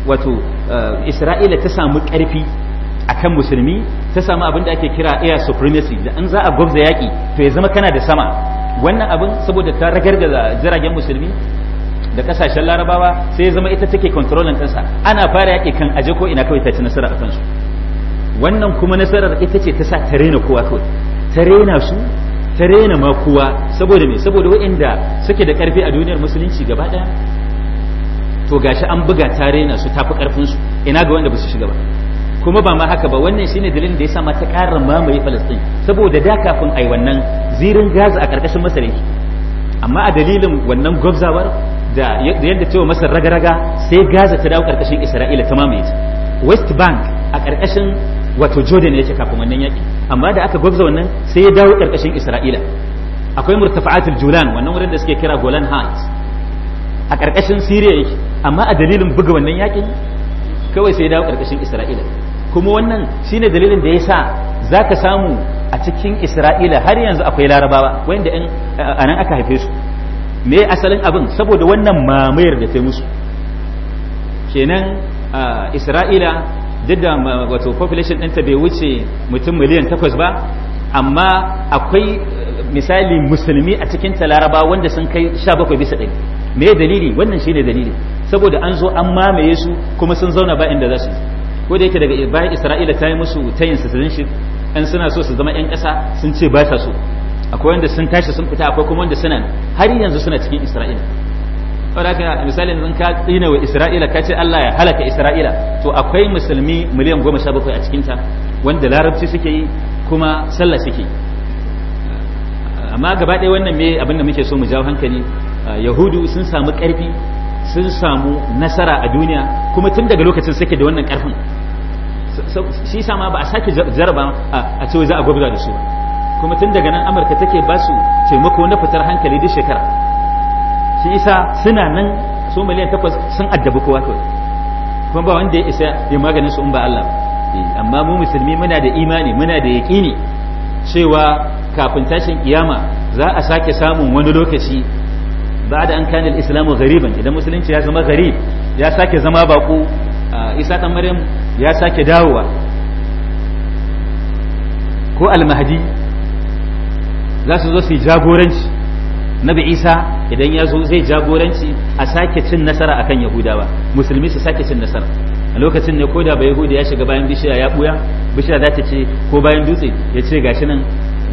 wato eh, isra'ila ta samu ƙarfi akan musulmi ta samu abin da ake kira air supremacy da an za a gwabza yaƙi to ya zama kana da sama wannan abin saboda ta ragar da jiragen musulmi da kasashen larabawa sai zama ita take kontrolin kansa ana fara yaƙi kan aje ko ina kawai ta ci nasara a kansu wannan kuma nasarar ita ce ta sa ta rena kowa kawai ta rena su ta rena ma kowa saboda me saboda waɗanda suke da ƙarfi a duniyar musulunci gaba ɗaya to gashi an buga ta rena su ta ƙarfin su ina ga wanda ba su shiga ba kuma ba ma haka ba wannan shine dalilin da ya sa mata ta ƙara mamaye Falastin saboda da kafin ai wannan zirin gaza a ƙarƙashin masar yake amma a dalilin wannan gwabzawar da yadda cewa masar raga-raga sai gaza ta dawo ƙarƙashin isra'ila ta mamaye west bank a ƙarƙashin wato jordan yake kafin wannan yaki amma da aka gwabza wannan sai ya dawo ƙarƙashin isra'ila akwai murtafa'atul julan wannan wurin da suke kira golan heights a ƙarƙashin syria yake amma a dalilin buga wannan yaƙin kawai sai ya dawo ƙarƙashin isra'ila kuma wannan shine dalilin da yasa zaka samu a cikin Isra'ila har yanzu akwai Larabawa wanda in anan aka haife su me asalin abin saboda wannan mamayar da ta musu kenan Isra'ila jadda wato population ɗinta bai wuce mutum miliyan takwas ba amma akwai misali musulmi a cikin talaraba wanda sun kai sha bakwai bisa ɗari me dalili wannan shine dalili saboda an zo an mamaye su kuma sun zauna ba inda za su ko da yake daga bayan isra'ila ta yi musu tayin citizenship an suna so su zama yan ƙasa sun ce ba sa so akwai wanda sun tashi sun fita akwai kuma wanda suna har yanzu suna cikin isra'ila saboda haka misali in ka tsina wa isra'ila ka ce allah ya halaka isra'ila to akwai musulmi miliyan goma sha bakwai a ta wanda larabci suke yi kuma sallah suke amma gaba ɗaya wannan me abin da muke so mu jawo hankali yahudu sun samu ƙarfi sun samu nasara a duniya kuma tun daga lokacin suke da wannan ƙarfin shi sama ba a sake jaraba a ce za a gwabza da su ba kuma tun daga nan amurka take ba su taimako na fitar hankali duk shekara shi isa suna nan su miliyan takwas sun addabi kowa kawai kuma ba wanda ya isa ya maganin su in ba Allah eh, amma mu musulmi muna da imani muna da yaƙini cewa kafin tashin kiyama za a sake samun wani lokaci ba da an kanil islamu gariban idan musulunci ya zama garib ya sake zama baƙo isa ɗan maryam ya sake dawowa ko almahadi za su zo su yi jagoranci nabi isa idan ya zo zai jagoranci a sake cin nasara akan yahudawa musulmi su sake cin nasara a lokacin ne ko da bai yahudi ya shiga bayan bishiya ya buya bishiya za ta ce ko bayan dutse ya ce gashi nan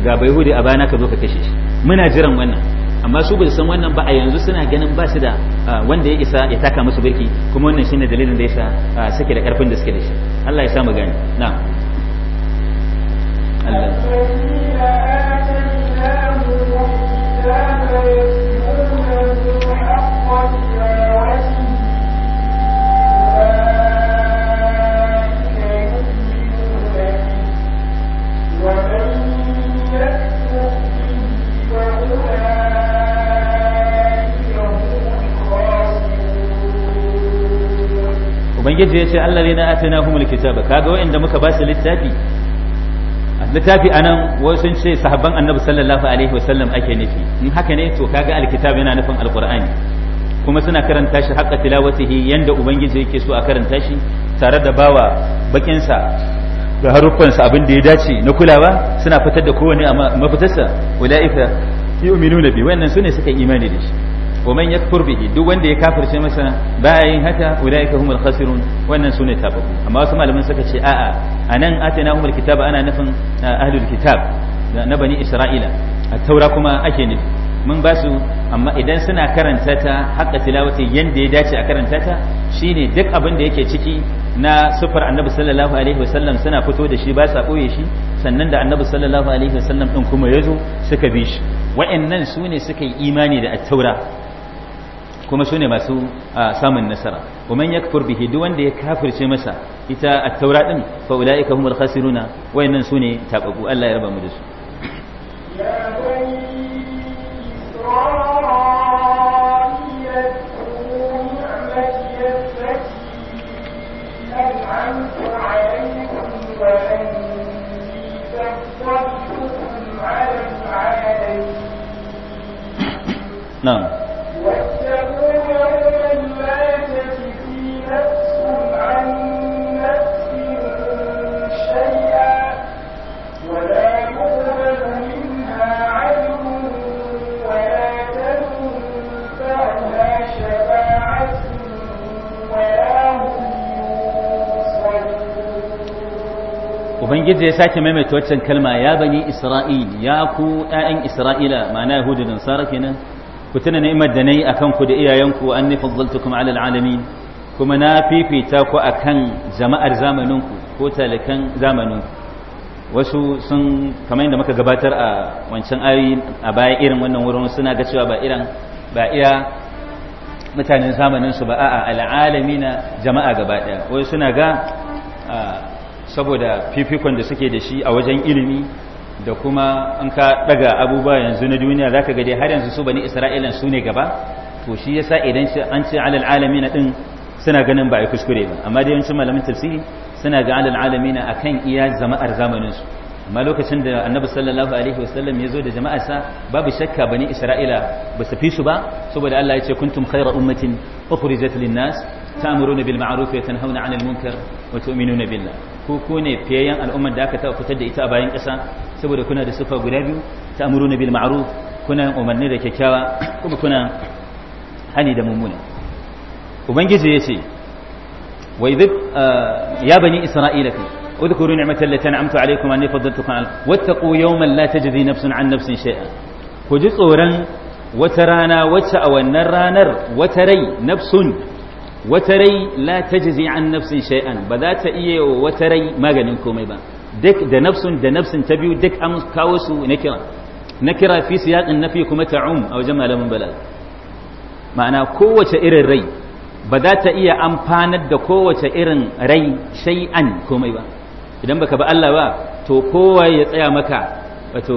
ga bai yahudi a bana ka zo ka kashe shi muna jiran wannan amma su ba san wannan ba a yanzu suna ganin ba su da ah, wanda ya isa ya taka musu birki kuma wannan shine dalilin da yasa ah, suke da karfin da suke da shi Allah ya sa mu gani na'am Allah ubangiji ya ce allah na atina humul kitaba kaga da muka ba su littafi littafi nan wai sun ce sahabban annabi sallallahu alaihi wasallam ake nufi in haka ne to kaga alkitab yana nufin alqur'ani kuma suna karanta shi haqqa tilawatihi yanda ubangiji yake so a karanta shi tare da bawa bakinsa sa da haruffansa abin da ya dace na kulawa suna fitar da kowane a mafitarsa ula'ika yu'minuna bi wannan sune suka imani da shi wa man bihi duk wanda ya kafirce masa baya yin haka ulaika humul khasirun wannan sune tababu amma wasu malaman suka ce a'a anan atanahumul kitaba ana nufin ahlul kitab na bani isra'ila at-taura kuma ake nufi mun ba amma idan suna karanta ta haƙa tilawati yanda ya dace a karanta ta shine duk abin da yake ciki na sufar annabi sallallahu alaihi wasallam suna fito da shi ba sa ɓoye shi sannan da annabi sallallahu alaihi wasallam din kuma ya zo suka bi shi wa'annan su ne suka yi imani da attaura kuma sune masu samun nasara kuma man yakfur bihi duk wanda ya kafirce masa ita at-taura din fa ulaika humul khasiruna wayannan sune tababu Allah ya rabamu mu da su ubangiji ya sake maimaita waccan kalma ya bani isra'il ya ku ƴaƴan isra'ila ma'ana yahudu da nasara kenan ku tuna ni'imar da nayi akan ku da iyayenku ni faddaltukum 'ala al-'alamin kuma na fifita ku akan jama'ar zamaninku ko talikan zamanin wasu sun kamar yadda muka gabatar a wancan ayoyi a baya irin wannan wurin suna ga cewa ba irin ba iya mutanen zamanin su ba a'a al'alamina jama'a gaba daya wai suna ga saboda fifikon da suke da shi a wajen ilimi da kuma an ka daga abubuwa yanzu na duniya zaka ga dai har yanzu su bani isra'ila su ne gaba to shi yasa idan an ce alal na din suna ganin ba a kuskure ba amma dai yawancin malamin tafsiri suna ga alal a akan iya jama'ar zamanin su amma lokacin da annabi sallallahu alaihi wasallam ya zo da sa babu shakka bani isra'ila ba su fi su ba saboda Allah ya ce kuntum khayra ummatin ukhrijat lin-nas تأمرون بالمعروف وتنهون عن المنكر وتؤمنون بالله ku ku ne fiyayen al'ummar da aka taɓa fitar da ita a bayan ƙasa saboda kuna da sufa guda biyu ta ta'muruna bil ma'ruf kuna umarni da kyakkyawa kuma kuna hani da mummuna ubangiji yace wa idh ya bani isra'ila fi udkuru ni'matan allati an'amtu alaykum anni faddaltukum al wattaqu yawman la tajzi nafsun an nafsin shay'a ku ji tsoran wata rana wacce a wannan ranar wata rai nafsun wata rai la tajzi an nafsin shay'an ba za ta iya wa wata rai maganin komai ba duk da nafsun da nafsin ta biyu duk an kawo su na kira na kira fi siyaqin nafi kuma ta'um a wajen malamin bala ma'ana kowace irin rai ba za ta iya amfanar da kowace irin rai shay'an komai ba idan baka ba Allah ba to kowa ya tsaya maka wato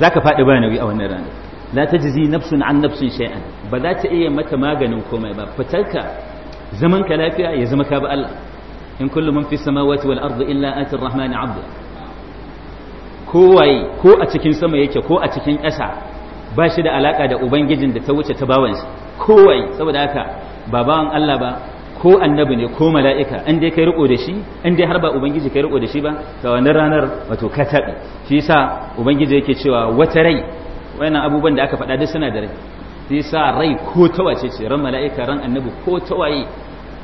zaka faɗi ba nauyi a wannan ranar la tajzi nafsun an nafsin shay'an ba za ta iya mata maganin komai ba fitarka zaman ka lafiya ya zama ka Allah in kullu man fi samawati wal ardi illa ati rahmani abda kowaye ko a cikin sama yake ko a cikin ƙasa ba da alaka da ubangijin da ta wuce ta bawansa kowaye saboda haka ba bawan Allah ba ko annabi ne ko mala'ika in dai kai riko da shi in har ba ubangiji kai riko da shi ba ta wannan ranar wato ka taɓe shi yasa ubangiji yake cewa wata rai wayannan abubuwan da aka faɗa duk suna da rai sai sa rai ko tawace ce ran mala'ika ran annabi ko tawaye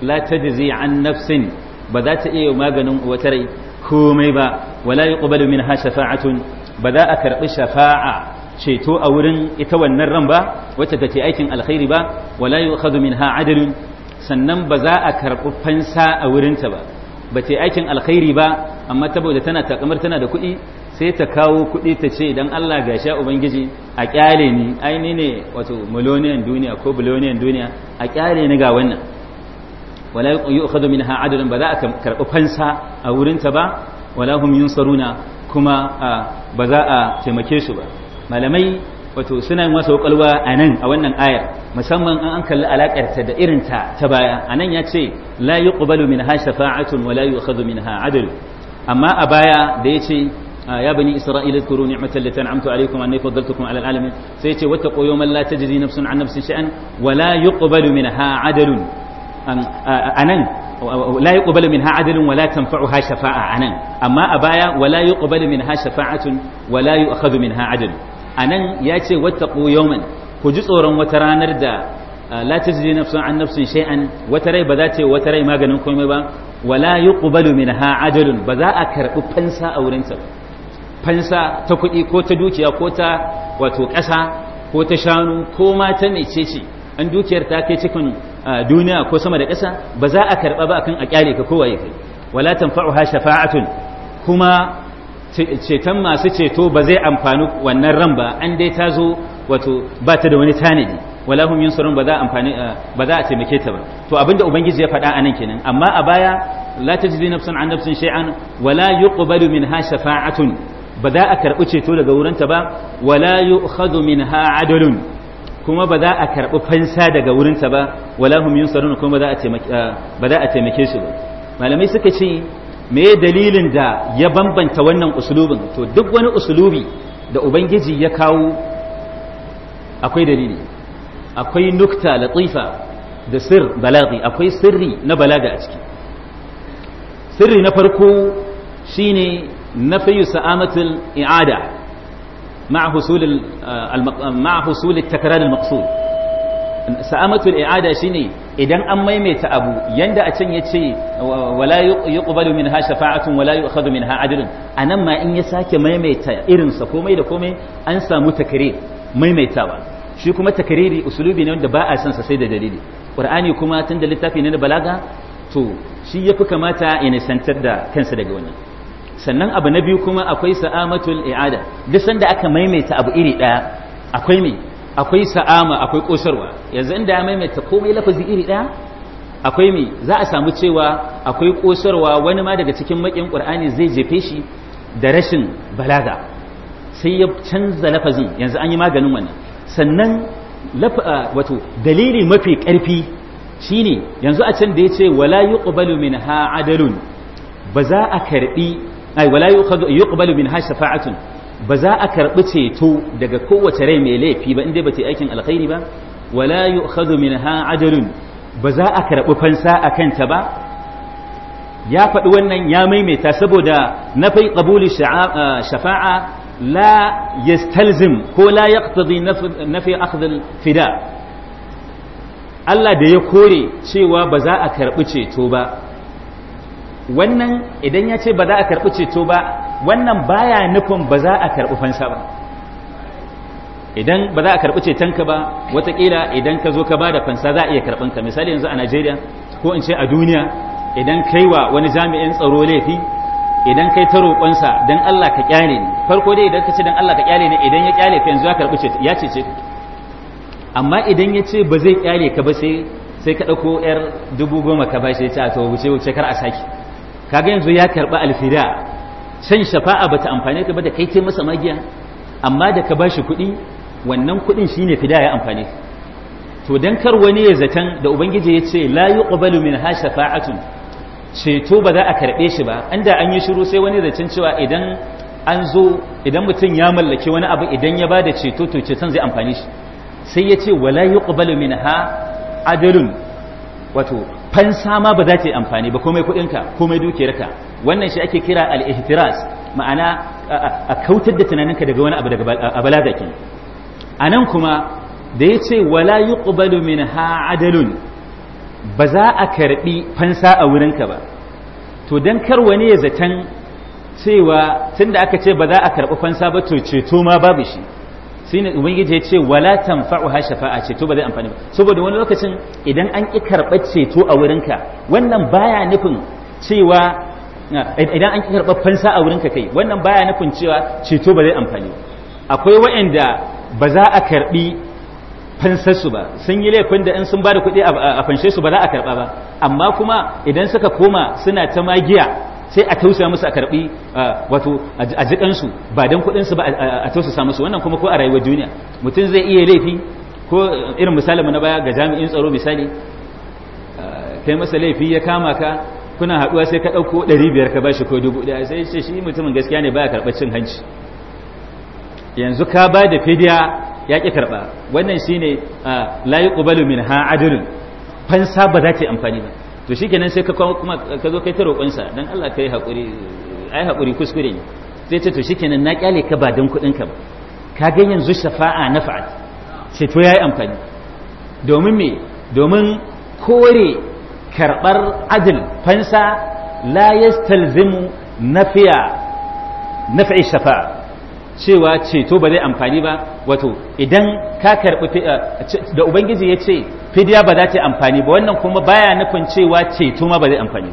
la tajzi an nafsin ba za ta iya maganin wata rai komai ba wala yuqbalu minha shafa'atun ba za a karbi shafa'a ceto a wurin ita wannan ran ba wacce ta ce aikin alkhairi ba wala yu'khadhu minha adalun sannan ba za a karɓi fansa a wurinta ba ba ce aikin alkhairi ba amma saboda tana takamar tana da kuɗi sai ta kawo kuɗi ta ce idan Allah ga sha Ubangiji a kyale ni aini ne wato miloniyan duniya ko biloniyan duniya a kyale ni ga wannan wala yi ukhadu min ha'adun ba za a karɓi fansa a wurinta ba wala hum yunsaruna kuma ba za a taimake su ba malamai wato suna yin wasu kwakwalwa a nan a wannan ayar musamman an an kalli alaƙar ta da irin ta ta baya anan nan ya ce la yuqbalu min ha shafa'atun wala yu'khadhu min ha adl amma a baya da ya ce ya bani isra'ila zkuru ni'matan lati an'amtu alaykum anni faddaltukum ala alalamin sai yace wattaqu yawman la tajzi nafsun an nafsin shay'an wa la yuqbalu minha 'adalun anan la yuqbalu minha 'adalun wa la tanfa'uha shafa'a anan amma a baya wa la yuqbalu minha shafa'atun wa la yu'khadhu minha 'adalun anan yace wattaqu yawman ku ji tsoron wata ranar da la tajzi nafsun an nafsin shay'an wata rai ba za ta yi komai ba wala ba za a karbi fansa a wurinsa ba fansa ta kuɗi ko ta dukiya ko ta wato ƙasa ko ta shanu ko ma ta mece ce an dukiyar ta kai cikin duniya ko sama da ƙasa ba za a karɓa ba akan a ƙyale ka kowaye kai wala tanfa'uha shafa'atun kuma ceton masu ceto ba zai amfani wannan ran ba an dai ta zo wato ba ta da wani tanadi wala hum yunsurun ba za a amfani ba za a taimake ta ba to abinda ubangiji ya faɗa anan kenan amma a baya la tajzi nafsun an nafsin shay'an wala yuqbalu minha shafa'atun ba za a karɓi ceto daga wurinta ba wala yu'khadhu minha adalun kuma ba za a karɓi fansa daga wurinta ba wala hum sarun kuma ah, ba za a taimake su ba malamai suka ce me dalilin da ya bambanta wannan usulubin to duk wani usulubi da ubangiji ya kawo akwai dalili akwai nukta latifa da sir balagi akwai sirri na balaga a ciki sirri na farko shine نفي سآمة i'ada مع حصول مع حصول التكرار المقصود سآمة الإعادة شيني idan an maimaita abu yanda a can ya ce wala yuqbalu minha shafa'atun wala yu'khadhu minha ajrun anan ma in ya sake maimaita irinsa komai da komai an samu takrir maimaitawa shi kuma takriri usulubi ne wanda ba a san sa sai da dalili qur'ani kuma tunda littafi ne na balaga to shi yafi kamata ya nisantar da kansa daga wannan sannan abu na biyu kuma akwai sa'amatul i'ada duk sanda aka maimaita abu iri daya akwai me akwai sa'ama akwai kosarwa yanzu inda ya maimaita komai lafazi iri daya akwai me za a samu cewa akwai kosarwa wani ma daga cikin makin qur'ani zai jefe shi da rashin balaga sai ya canza lafazin yanzu an yi maganin wannan sannan wato dalili mafi karfi shine yanzu a can da ya ce wala yuqbalu minha adalun ba za a karbi ai wala yuqbalu minha shafa'atun ba za a karbi ceto daga kowace rai mai laifi ba inda ba ta aikin alkhairi ba wala yuqadu minha adalun ba za a karbi fansa a ta ba ya faɗi wannan ya maimaita saboda na fai qabuli shafa'a la yastalzim ko la yaqtadi nafi akhdh al-fida Allah da ya kore cewa ba za a karbi ceto ba wannan idan ya ce ba za a karɓi ceto ba wannan baya nufin ba za a karɓi fansa ba idan ba za a karɓi cetonka ba watakila idan ka zo ka ba da fansa za a iya karɓin ka misali yanzu a najeriya ko in ce a duniya idan kai wa wani jami'in tsaro laifi idan kai ta roƙonsa don allah ka kyale ni farko dai idan ka ce don allah ka kyale ni idan ya kyale ka yanzu ya karɓi ceto ya cece ka amma idan ya ce ba zai kyale ka ba sai sai ka ɗauko 'yar dubu goma ka ba shi ya ce a to wuce wuce kar a sake kaga yanzu ya karba alfida shan shafa'a bata amfane ka ba da kai tai masa magiya amma da ka bashi kuɗi wannan kuɗin shine fida ya amfane to dan kar wani ya zaton da ubangiji ya ce la yuqbalu min ha shafa'atun ceto ba za a karɓe shi ba an da an yi shiru sai wani zaton cewa idan an zo idan mutum ya mallaki wani abu idan ya bada ceto to ceton zai amfane shi sai ya ce wala yuqbalu min ha adalun wato fansa ma ba za ta yi amfani ba komai kuɗinka komai dukiyarka wannan shi ake kira al-ihtiras ma'ana a kautar da tunaninka daga wani abu daga abalaga ke a nan kuma da ya ce wala yuqbalu min ha adalun ba za a karbi fansa a wurinka ba to dan kar wani ya zaton cewa tunda aka ce ba za a karbi fansa ba to ceto ma babu shi shine ubangiji ya ce wala tanfa'uha shafa'a ceto ba zai amfani ba saboda wani lokacin idan an ki karɓar ceto a wurinka wannan baya nufin cewa idan an ki karba fansa a wurinka kai wannan baya nufin cewa ceto ba zai amfani akwai waɗanda ba za a karɓi fansarsu ba sun yi laifin da in sun ba da kuɗi a fanshe su ba za a karɓa ba amma kuma idan suka koma suna ta magiya sai a tausaya musu a karbi wato a jikan su ba dan kuɗin su ba a tausasa musu wannan kuma ko a rayuwar duniya mutum zai iya laifi ko irin misali mana baya ga jami'in tsaro misali kai masa laifi ya kama ka kuna haɗuwa sai ka ɗauko ɗari biyar ka bashi ko dubu ɗaya sai ce shi mutumin gaskiya ne baya karɓar cin hanci yanzu ka ba da fidiya ya ƙi karɓa wannan shine la yuqbalu minha adlun fansa ba za ta yi amfani ba to kenan sai ka kuma ka zo kai ta roƙonsa sa dan Allah kai hakuri ai hakuri kuskure ne sai ce to na kyale ka ba dan kuɗin ka ba ka ga yanzu shafa'a nafa'at ce to yi amfani domin me domin kore karɓar adil fansa la yastalzimu nafiya nafi shafa'a cewa ceto ba zai amfani ba wato idan ka karɓi eh, da ubangiji ya ce fidiya ba za ta amfani ba wannan kuma baya nufin cewa ceto ma ba zai amfani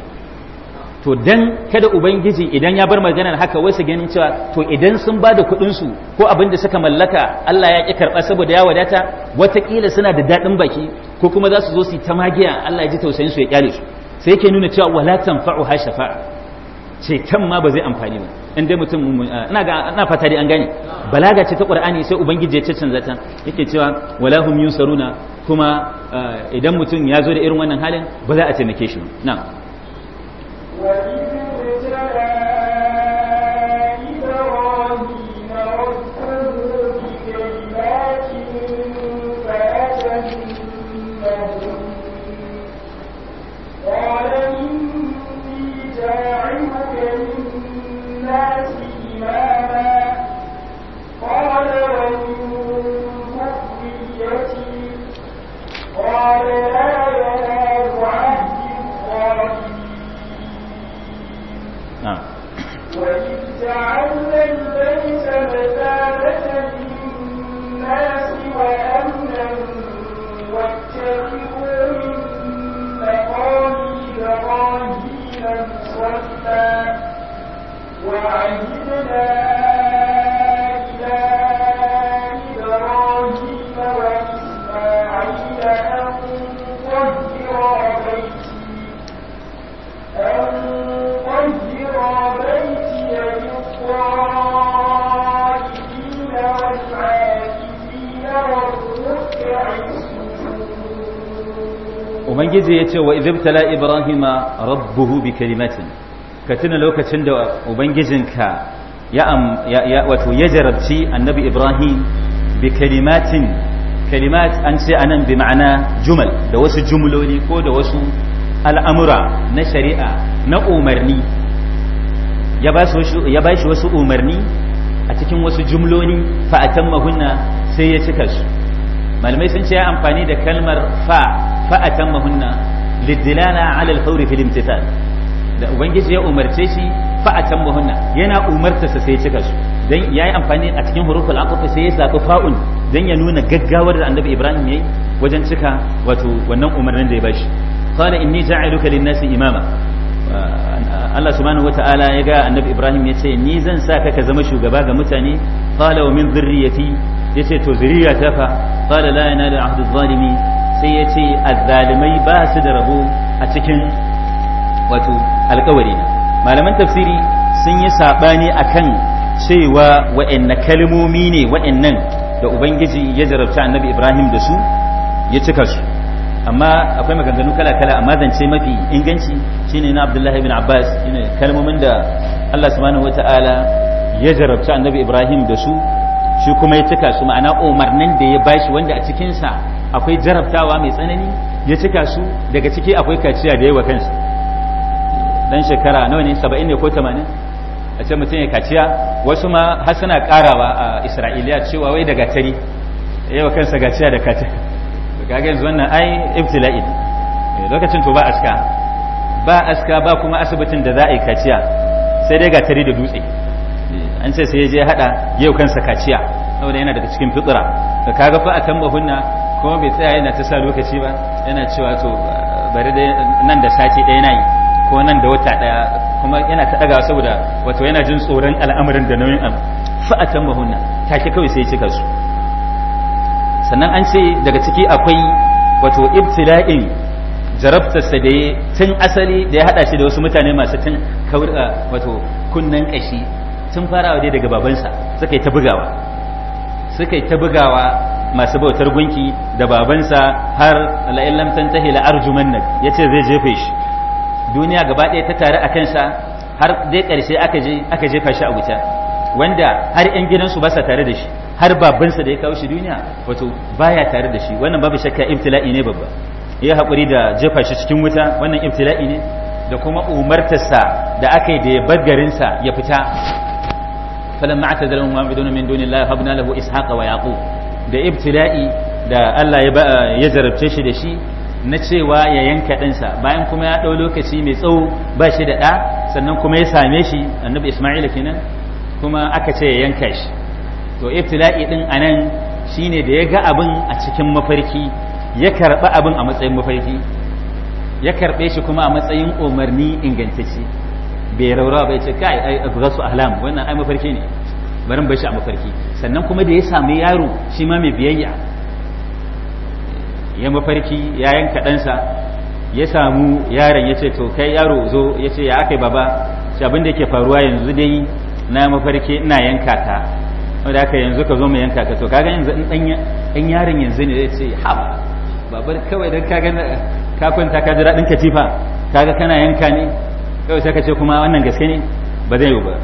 to dan kada ubangiji idan ya bar maganar haka wai su ganin cewa to idan sun ba da kuɗin su ko abin da suka mallaka Allah ya ki karɓa saboda ya wadata watakila suna da daɗin baki ko kuma za su zo su yi ta magiya Allah ya ji tausayin su ya kyale su sai yake nuna cewa wala tanfa'u ha shafa'a can ma ba zai amfani ba in dai mutum ina ga ina fata dai an gane balaga ce ta qur'ani sai ubangiji ya canza ta yake cewa wala hum yusaruna kuma eh, idan mutum ya zo da irin wannan halin ba za a taimake shi ba ubangiji ya ce wa izibtala ibrahima rabbuhu bi kalimatin ka tuna lokacin da ubangijinka ya wato ya jarabci annabi ibrahim bi kalimatin kalimat an ce anan bi ma'ana jumal da wasu jumloli ko da wasu al'amura na shari'a na umarni ya ba shi wasu umarni a cikin wasu jumloli fa'atan mahunna sai ya cika su malamai sun ce ya amfani da kalmar fa فأتمهن للدلالة على الفور في الامتثال da ubangiji ya umarce shi fa a can muhunna yana umarta sa sai cika su dan yayi amfani a cikin hurufal aqaf sai ya zabi fa'un dan ya nuna gaggawar da annabi ibrahim yayi wajen cika wato wannan umarnin da ya bashi qala inni ja'iluka lin imama Allah subhanahu wata'ala ya ga annabi ibrahim ya ce ni zan sa ka ka zama shugaba ga mutane qala wa min dhurriyyati yace to zuriya ta fa qala la yanalu ahdu zalimi sai ya ce azzalimai ba su da rabo a cikin wato alkawari malaman tafsiri sun yi saɓani akan cewa wa'anne kalmomi ne wa'annan da ubangiji ya jarabta annabi ibrahim da su ya cika su amma akwai maganganu kala-kala amma zance mafi inganci shine na abdullahi bin abbas shine kalmomin da allah subhanahu wata'ala ya jarabta annabi ibrahim da su shi kuma ya cika su ma'ana umarnin da ya bashi wanda a cikinsa akwai jarabtawa mai tsanani ya cika su daga ciki akwai kaciya da yawa kansa dan shekara nawa ne 70 ne ko 80 a ce mutum ya kaciya wasu ma har suna karawa a isra'iliya cewa wai daga tari yawa kansa gaciya da kaciya kaga yanzu wannan ai ibtila'i eh, lokacin to ba aska ba aska ba kuma asibitin da za a yi kaciya sai dai gatari da dutse eh, an ce sai ya je hada yau kansa kaciya saboda yana daga cikin fitsira ka kaga fa a tambahunna kuma bai tsaya yana ta sa lokaci ba yana cewa to bari da nan da sati ɗaya na yi ko nan da wata ɗaya kuma yana ta ɗaga saboda wato yana jin tsoron al'amarin da nauyin abu fa'atan mahunna take kawai sai cika su sannan an ce daga ciki akwai wato ibtila'in jarabtarsa da ya tun asali da ya haɗa shi da wasu mutane masu tun wato kunnen kashi tun farawa dai daga babansa suka yi ta bugawa suka yi ta bugawa masu bautar gunki da babansa har ta hila tantahi na ya ce zai jefe shi duniya gaba ɗaya ta tare a kansa har dai ƙarshe aka jefa shi a wuta wanda har yan gidansu ba sa tare da shi har babansa da ya kawo shi duniya wato baya tare da shi wannan babu shakka ibtila'i ne babba ya haƙuri da jefa shi cikin wuta wannan ibtila'i ne da kuma umartarsa da aka yi da ya bar garinsa ya fita falamma a'tazalahum wa abiduna min da ibtila'i da Allah ya zarabce shi da shi na cewa ya yanka ɗansa bayan kuma ya ɗau lokaci mai tsawo ba shi da ɗa sannan kuma ya same shi annabi isma'ila kenan kuma aka ce ya yanka shi to ibtila'i ɗin anan nan shine da ya ga abin a cikin mafarki ya karɓi abin a matsayin mafarki ya karɓe shi kuma a matsayin umarni ingantacce bai raura bai ce kai ai abgasu ahlam wannan ai mafarki ne bari bai shi a mafarki sannan kuma da ya sami yaro shi ma mai biyayya ya mafarki ya yanka ɗansa ya samu yaron ya ce to kai yaro zo ya ce ya aka yi baba shi abin da ke faruwa yanzu dai na mafarki ina yanka ta wanda aka yanzu ka zo mai yanka ka to kaga yanzu ɗan yaron yanzu ne ya ce haba babar kawai don kaga ka kwanta ka ji daɗin katifa kaga kana yanka ne kawai sai ka ce kuma wannan gaske ne ba zai yi ba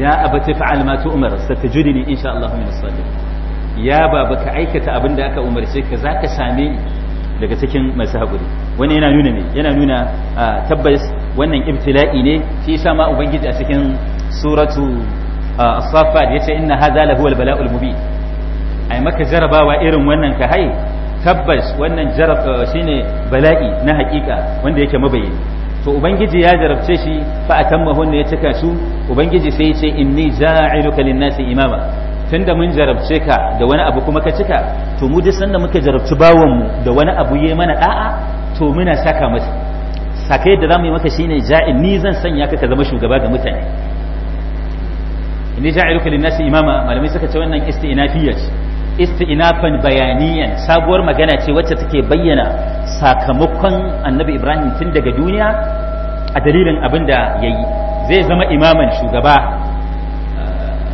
ya abati fa'al ma tu'mar satajidni insha Allah min as-salihin ya baba ka aikata abin da aka umarce ka zaka same daga cikin masu haƙuri wani yana nuna me yana nuna tabbas wannan ibtila'i ne shi yasa ma ubangiji a cikin suratu as ya ce inna hadha lahu al-bala'ul mubin ai maka jarabawa irin wannan ka hai tabbas wannan jarab shine bala'i na haƙiƙa wanda yake mabayyani to ubangiji ya jarabce shi fa atammahunna ya cika su ubangiji sai ya ce inni ja'iluka lin-nasi imama tunda mun jarabce ka da wani abu kuma ka cika to mu duk sanda muka jarabci bawon mu da wani abu yayi mana da'a to muna saka masa saka da zamu yi maka shine ja'il ni zan sanya ka ka zama shugaba ga mutane inni ja'iluka lin-nasi imama malamai suka ce wannan istinafiyya ce isti'nafan bayaniyan sabuwar magana ce wacce take bayyana sakamakon annabi ibrahim tun daga duniya a dalilin abin da ya yi zai zama imaman shugaba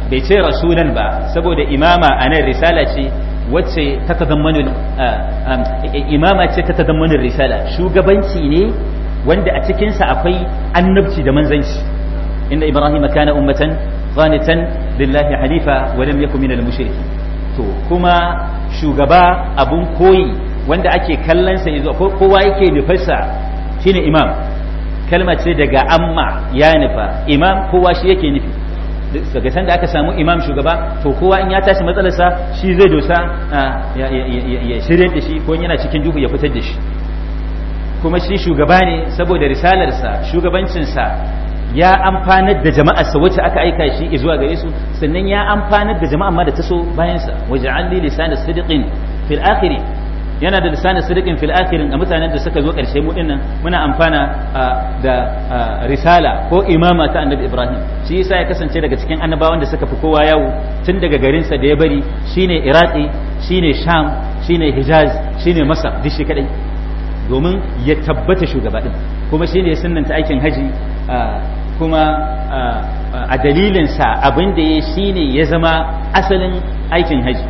bai ce rasulan ba saboda imama a nan risala ce wacce ta tazammanin imama ce ta tazammanin risala shugabanci ne wanda a cikinsa akwai annabci da manzanci inda ibrahim kana ummatan qanitan lillahi hanifa wa lam yakun minal mushrikin to kuma shugaba abun koyi wanda ake kallon sa yanzu kowa yake nufarsa shine imam kalma ce daga amma ya nufa imam kowa shi yake nufi daga sanda aka samu imam shugaba to kowa in ya tashi matsalarsa shi zai dosa ya shirya da shi ko yana cikin duhu ya fitar da shi kuma shi shugaba ne saboda risalarsa shugabancinsa ya amfanar da jama'arsa wacce aka aika shi zuwa gare su sannan ya amfanar da jama'a ma da taso bayansa waja'alli lisan sidqin fil fil'akiri yana da lisan sidqin fil akhir ga mutanen da suka zo karshe mu dinnan muna amfana da risala ko imama ta annabi Ibrahim shi yasa ya kasance daga cikin annabawan da suka fi kowa yawo tun daga garinsa da ya bari shine Iraqi shine Sham shine Hijaz shine Masar duk shi kadai domin ya tabbata shugaba din kuma shine sunnanta aikin haji kuma a dalilinsa abin da ya shi ne ya zama asalin aikin haji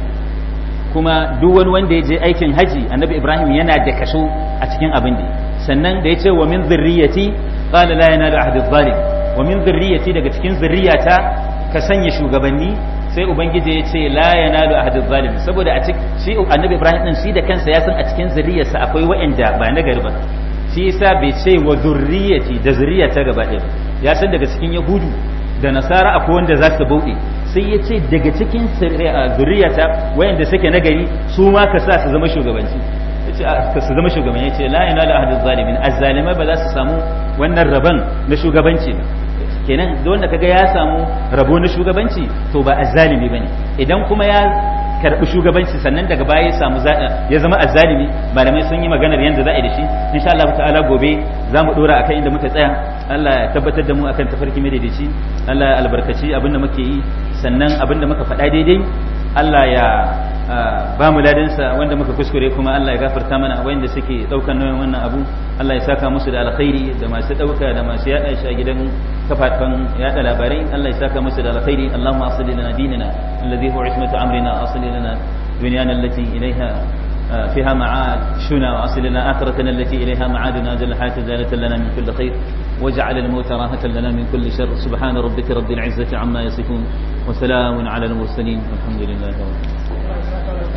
kuma duk wani wanda ya je aikin haji annabi ibrahim yana da kaso a cikin abin da sannan da ya ce wa min zurriyati qala la yanalu ahdi zalim wa min zurriyati daga cikin zurriyata ka sanya shugabanni sai ubangiji ya ce la yanalu ahdi zalim saboda a cikin shi annabi ibrahim din shi da kansa ya san a cikin zurriyarsa akwai wa'anda ba na gari ba shi yasa bai ce wa zurriyati da zurriyata gaba ɗaya ya san daga cikin yahudu da nasara akwai wanda za su bauɗe sai ya ce daga cikin zuriyata wayanda suke nagari su ma ka sa su zama shugabanci ka su zama shugabanci ya ce la yana da ahadin zalimin azzalimai ba za su samu wannan raban na shugabanci ba kenan da wanda kaga ya samu rabo na shugabanci to ba azzalimi bane idan kuma ya karɓi shugabanci sannan daga baya ya samu ya zama azzalimi malamai sun yi maganar yanda za a yi da shi insha Allah ta'ala gobe za mu dora akan inda muka tsaya Allah ya tabbatar da mu akan tafarki mai daidaici Allah ya albarkaci abinda muke yi sannan abinda muka faɗa daidai Allah ya ba mu ladansa wanda muka kuskure kuma Allah ya gafarta mana wanda suke daukan nauyin wannan abu Allah ya saka musu da alkhairi da masu dauka da masu yada shi a gidan kafafen yada labarai Allah ya saka musu da alkhairi Allahumma asli lana dinana alladhi huwa ismatu amrina asli lana dunyana allati ilaiha فيها معاشنا وأصل لنا آخرتنا التي إليها معادنا جل حياة زالة لنا من كل خير واجعل الموت راحة لنا من كل شر سبحان ربك رب العزة عما يصفون وسلام على المرسلين والحمد لله رب العالمين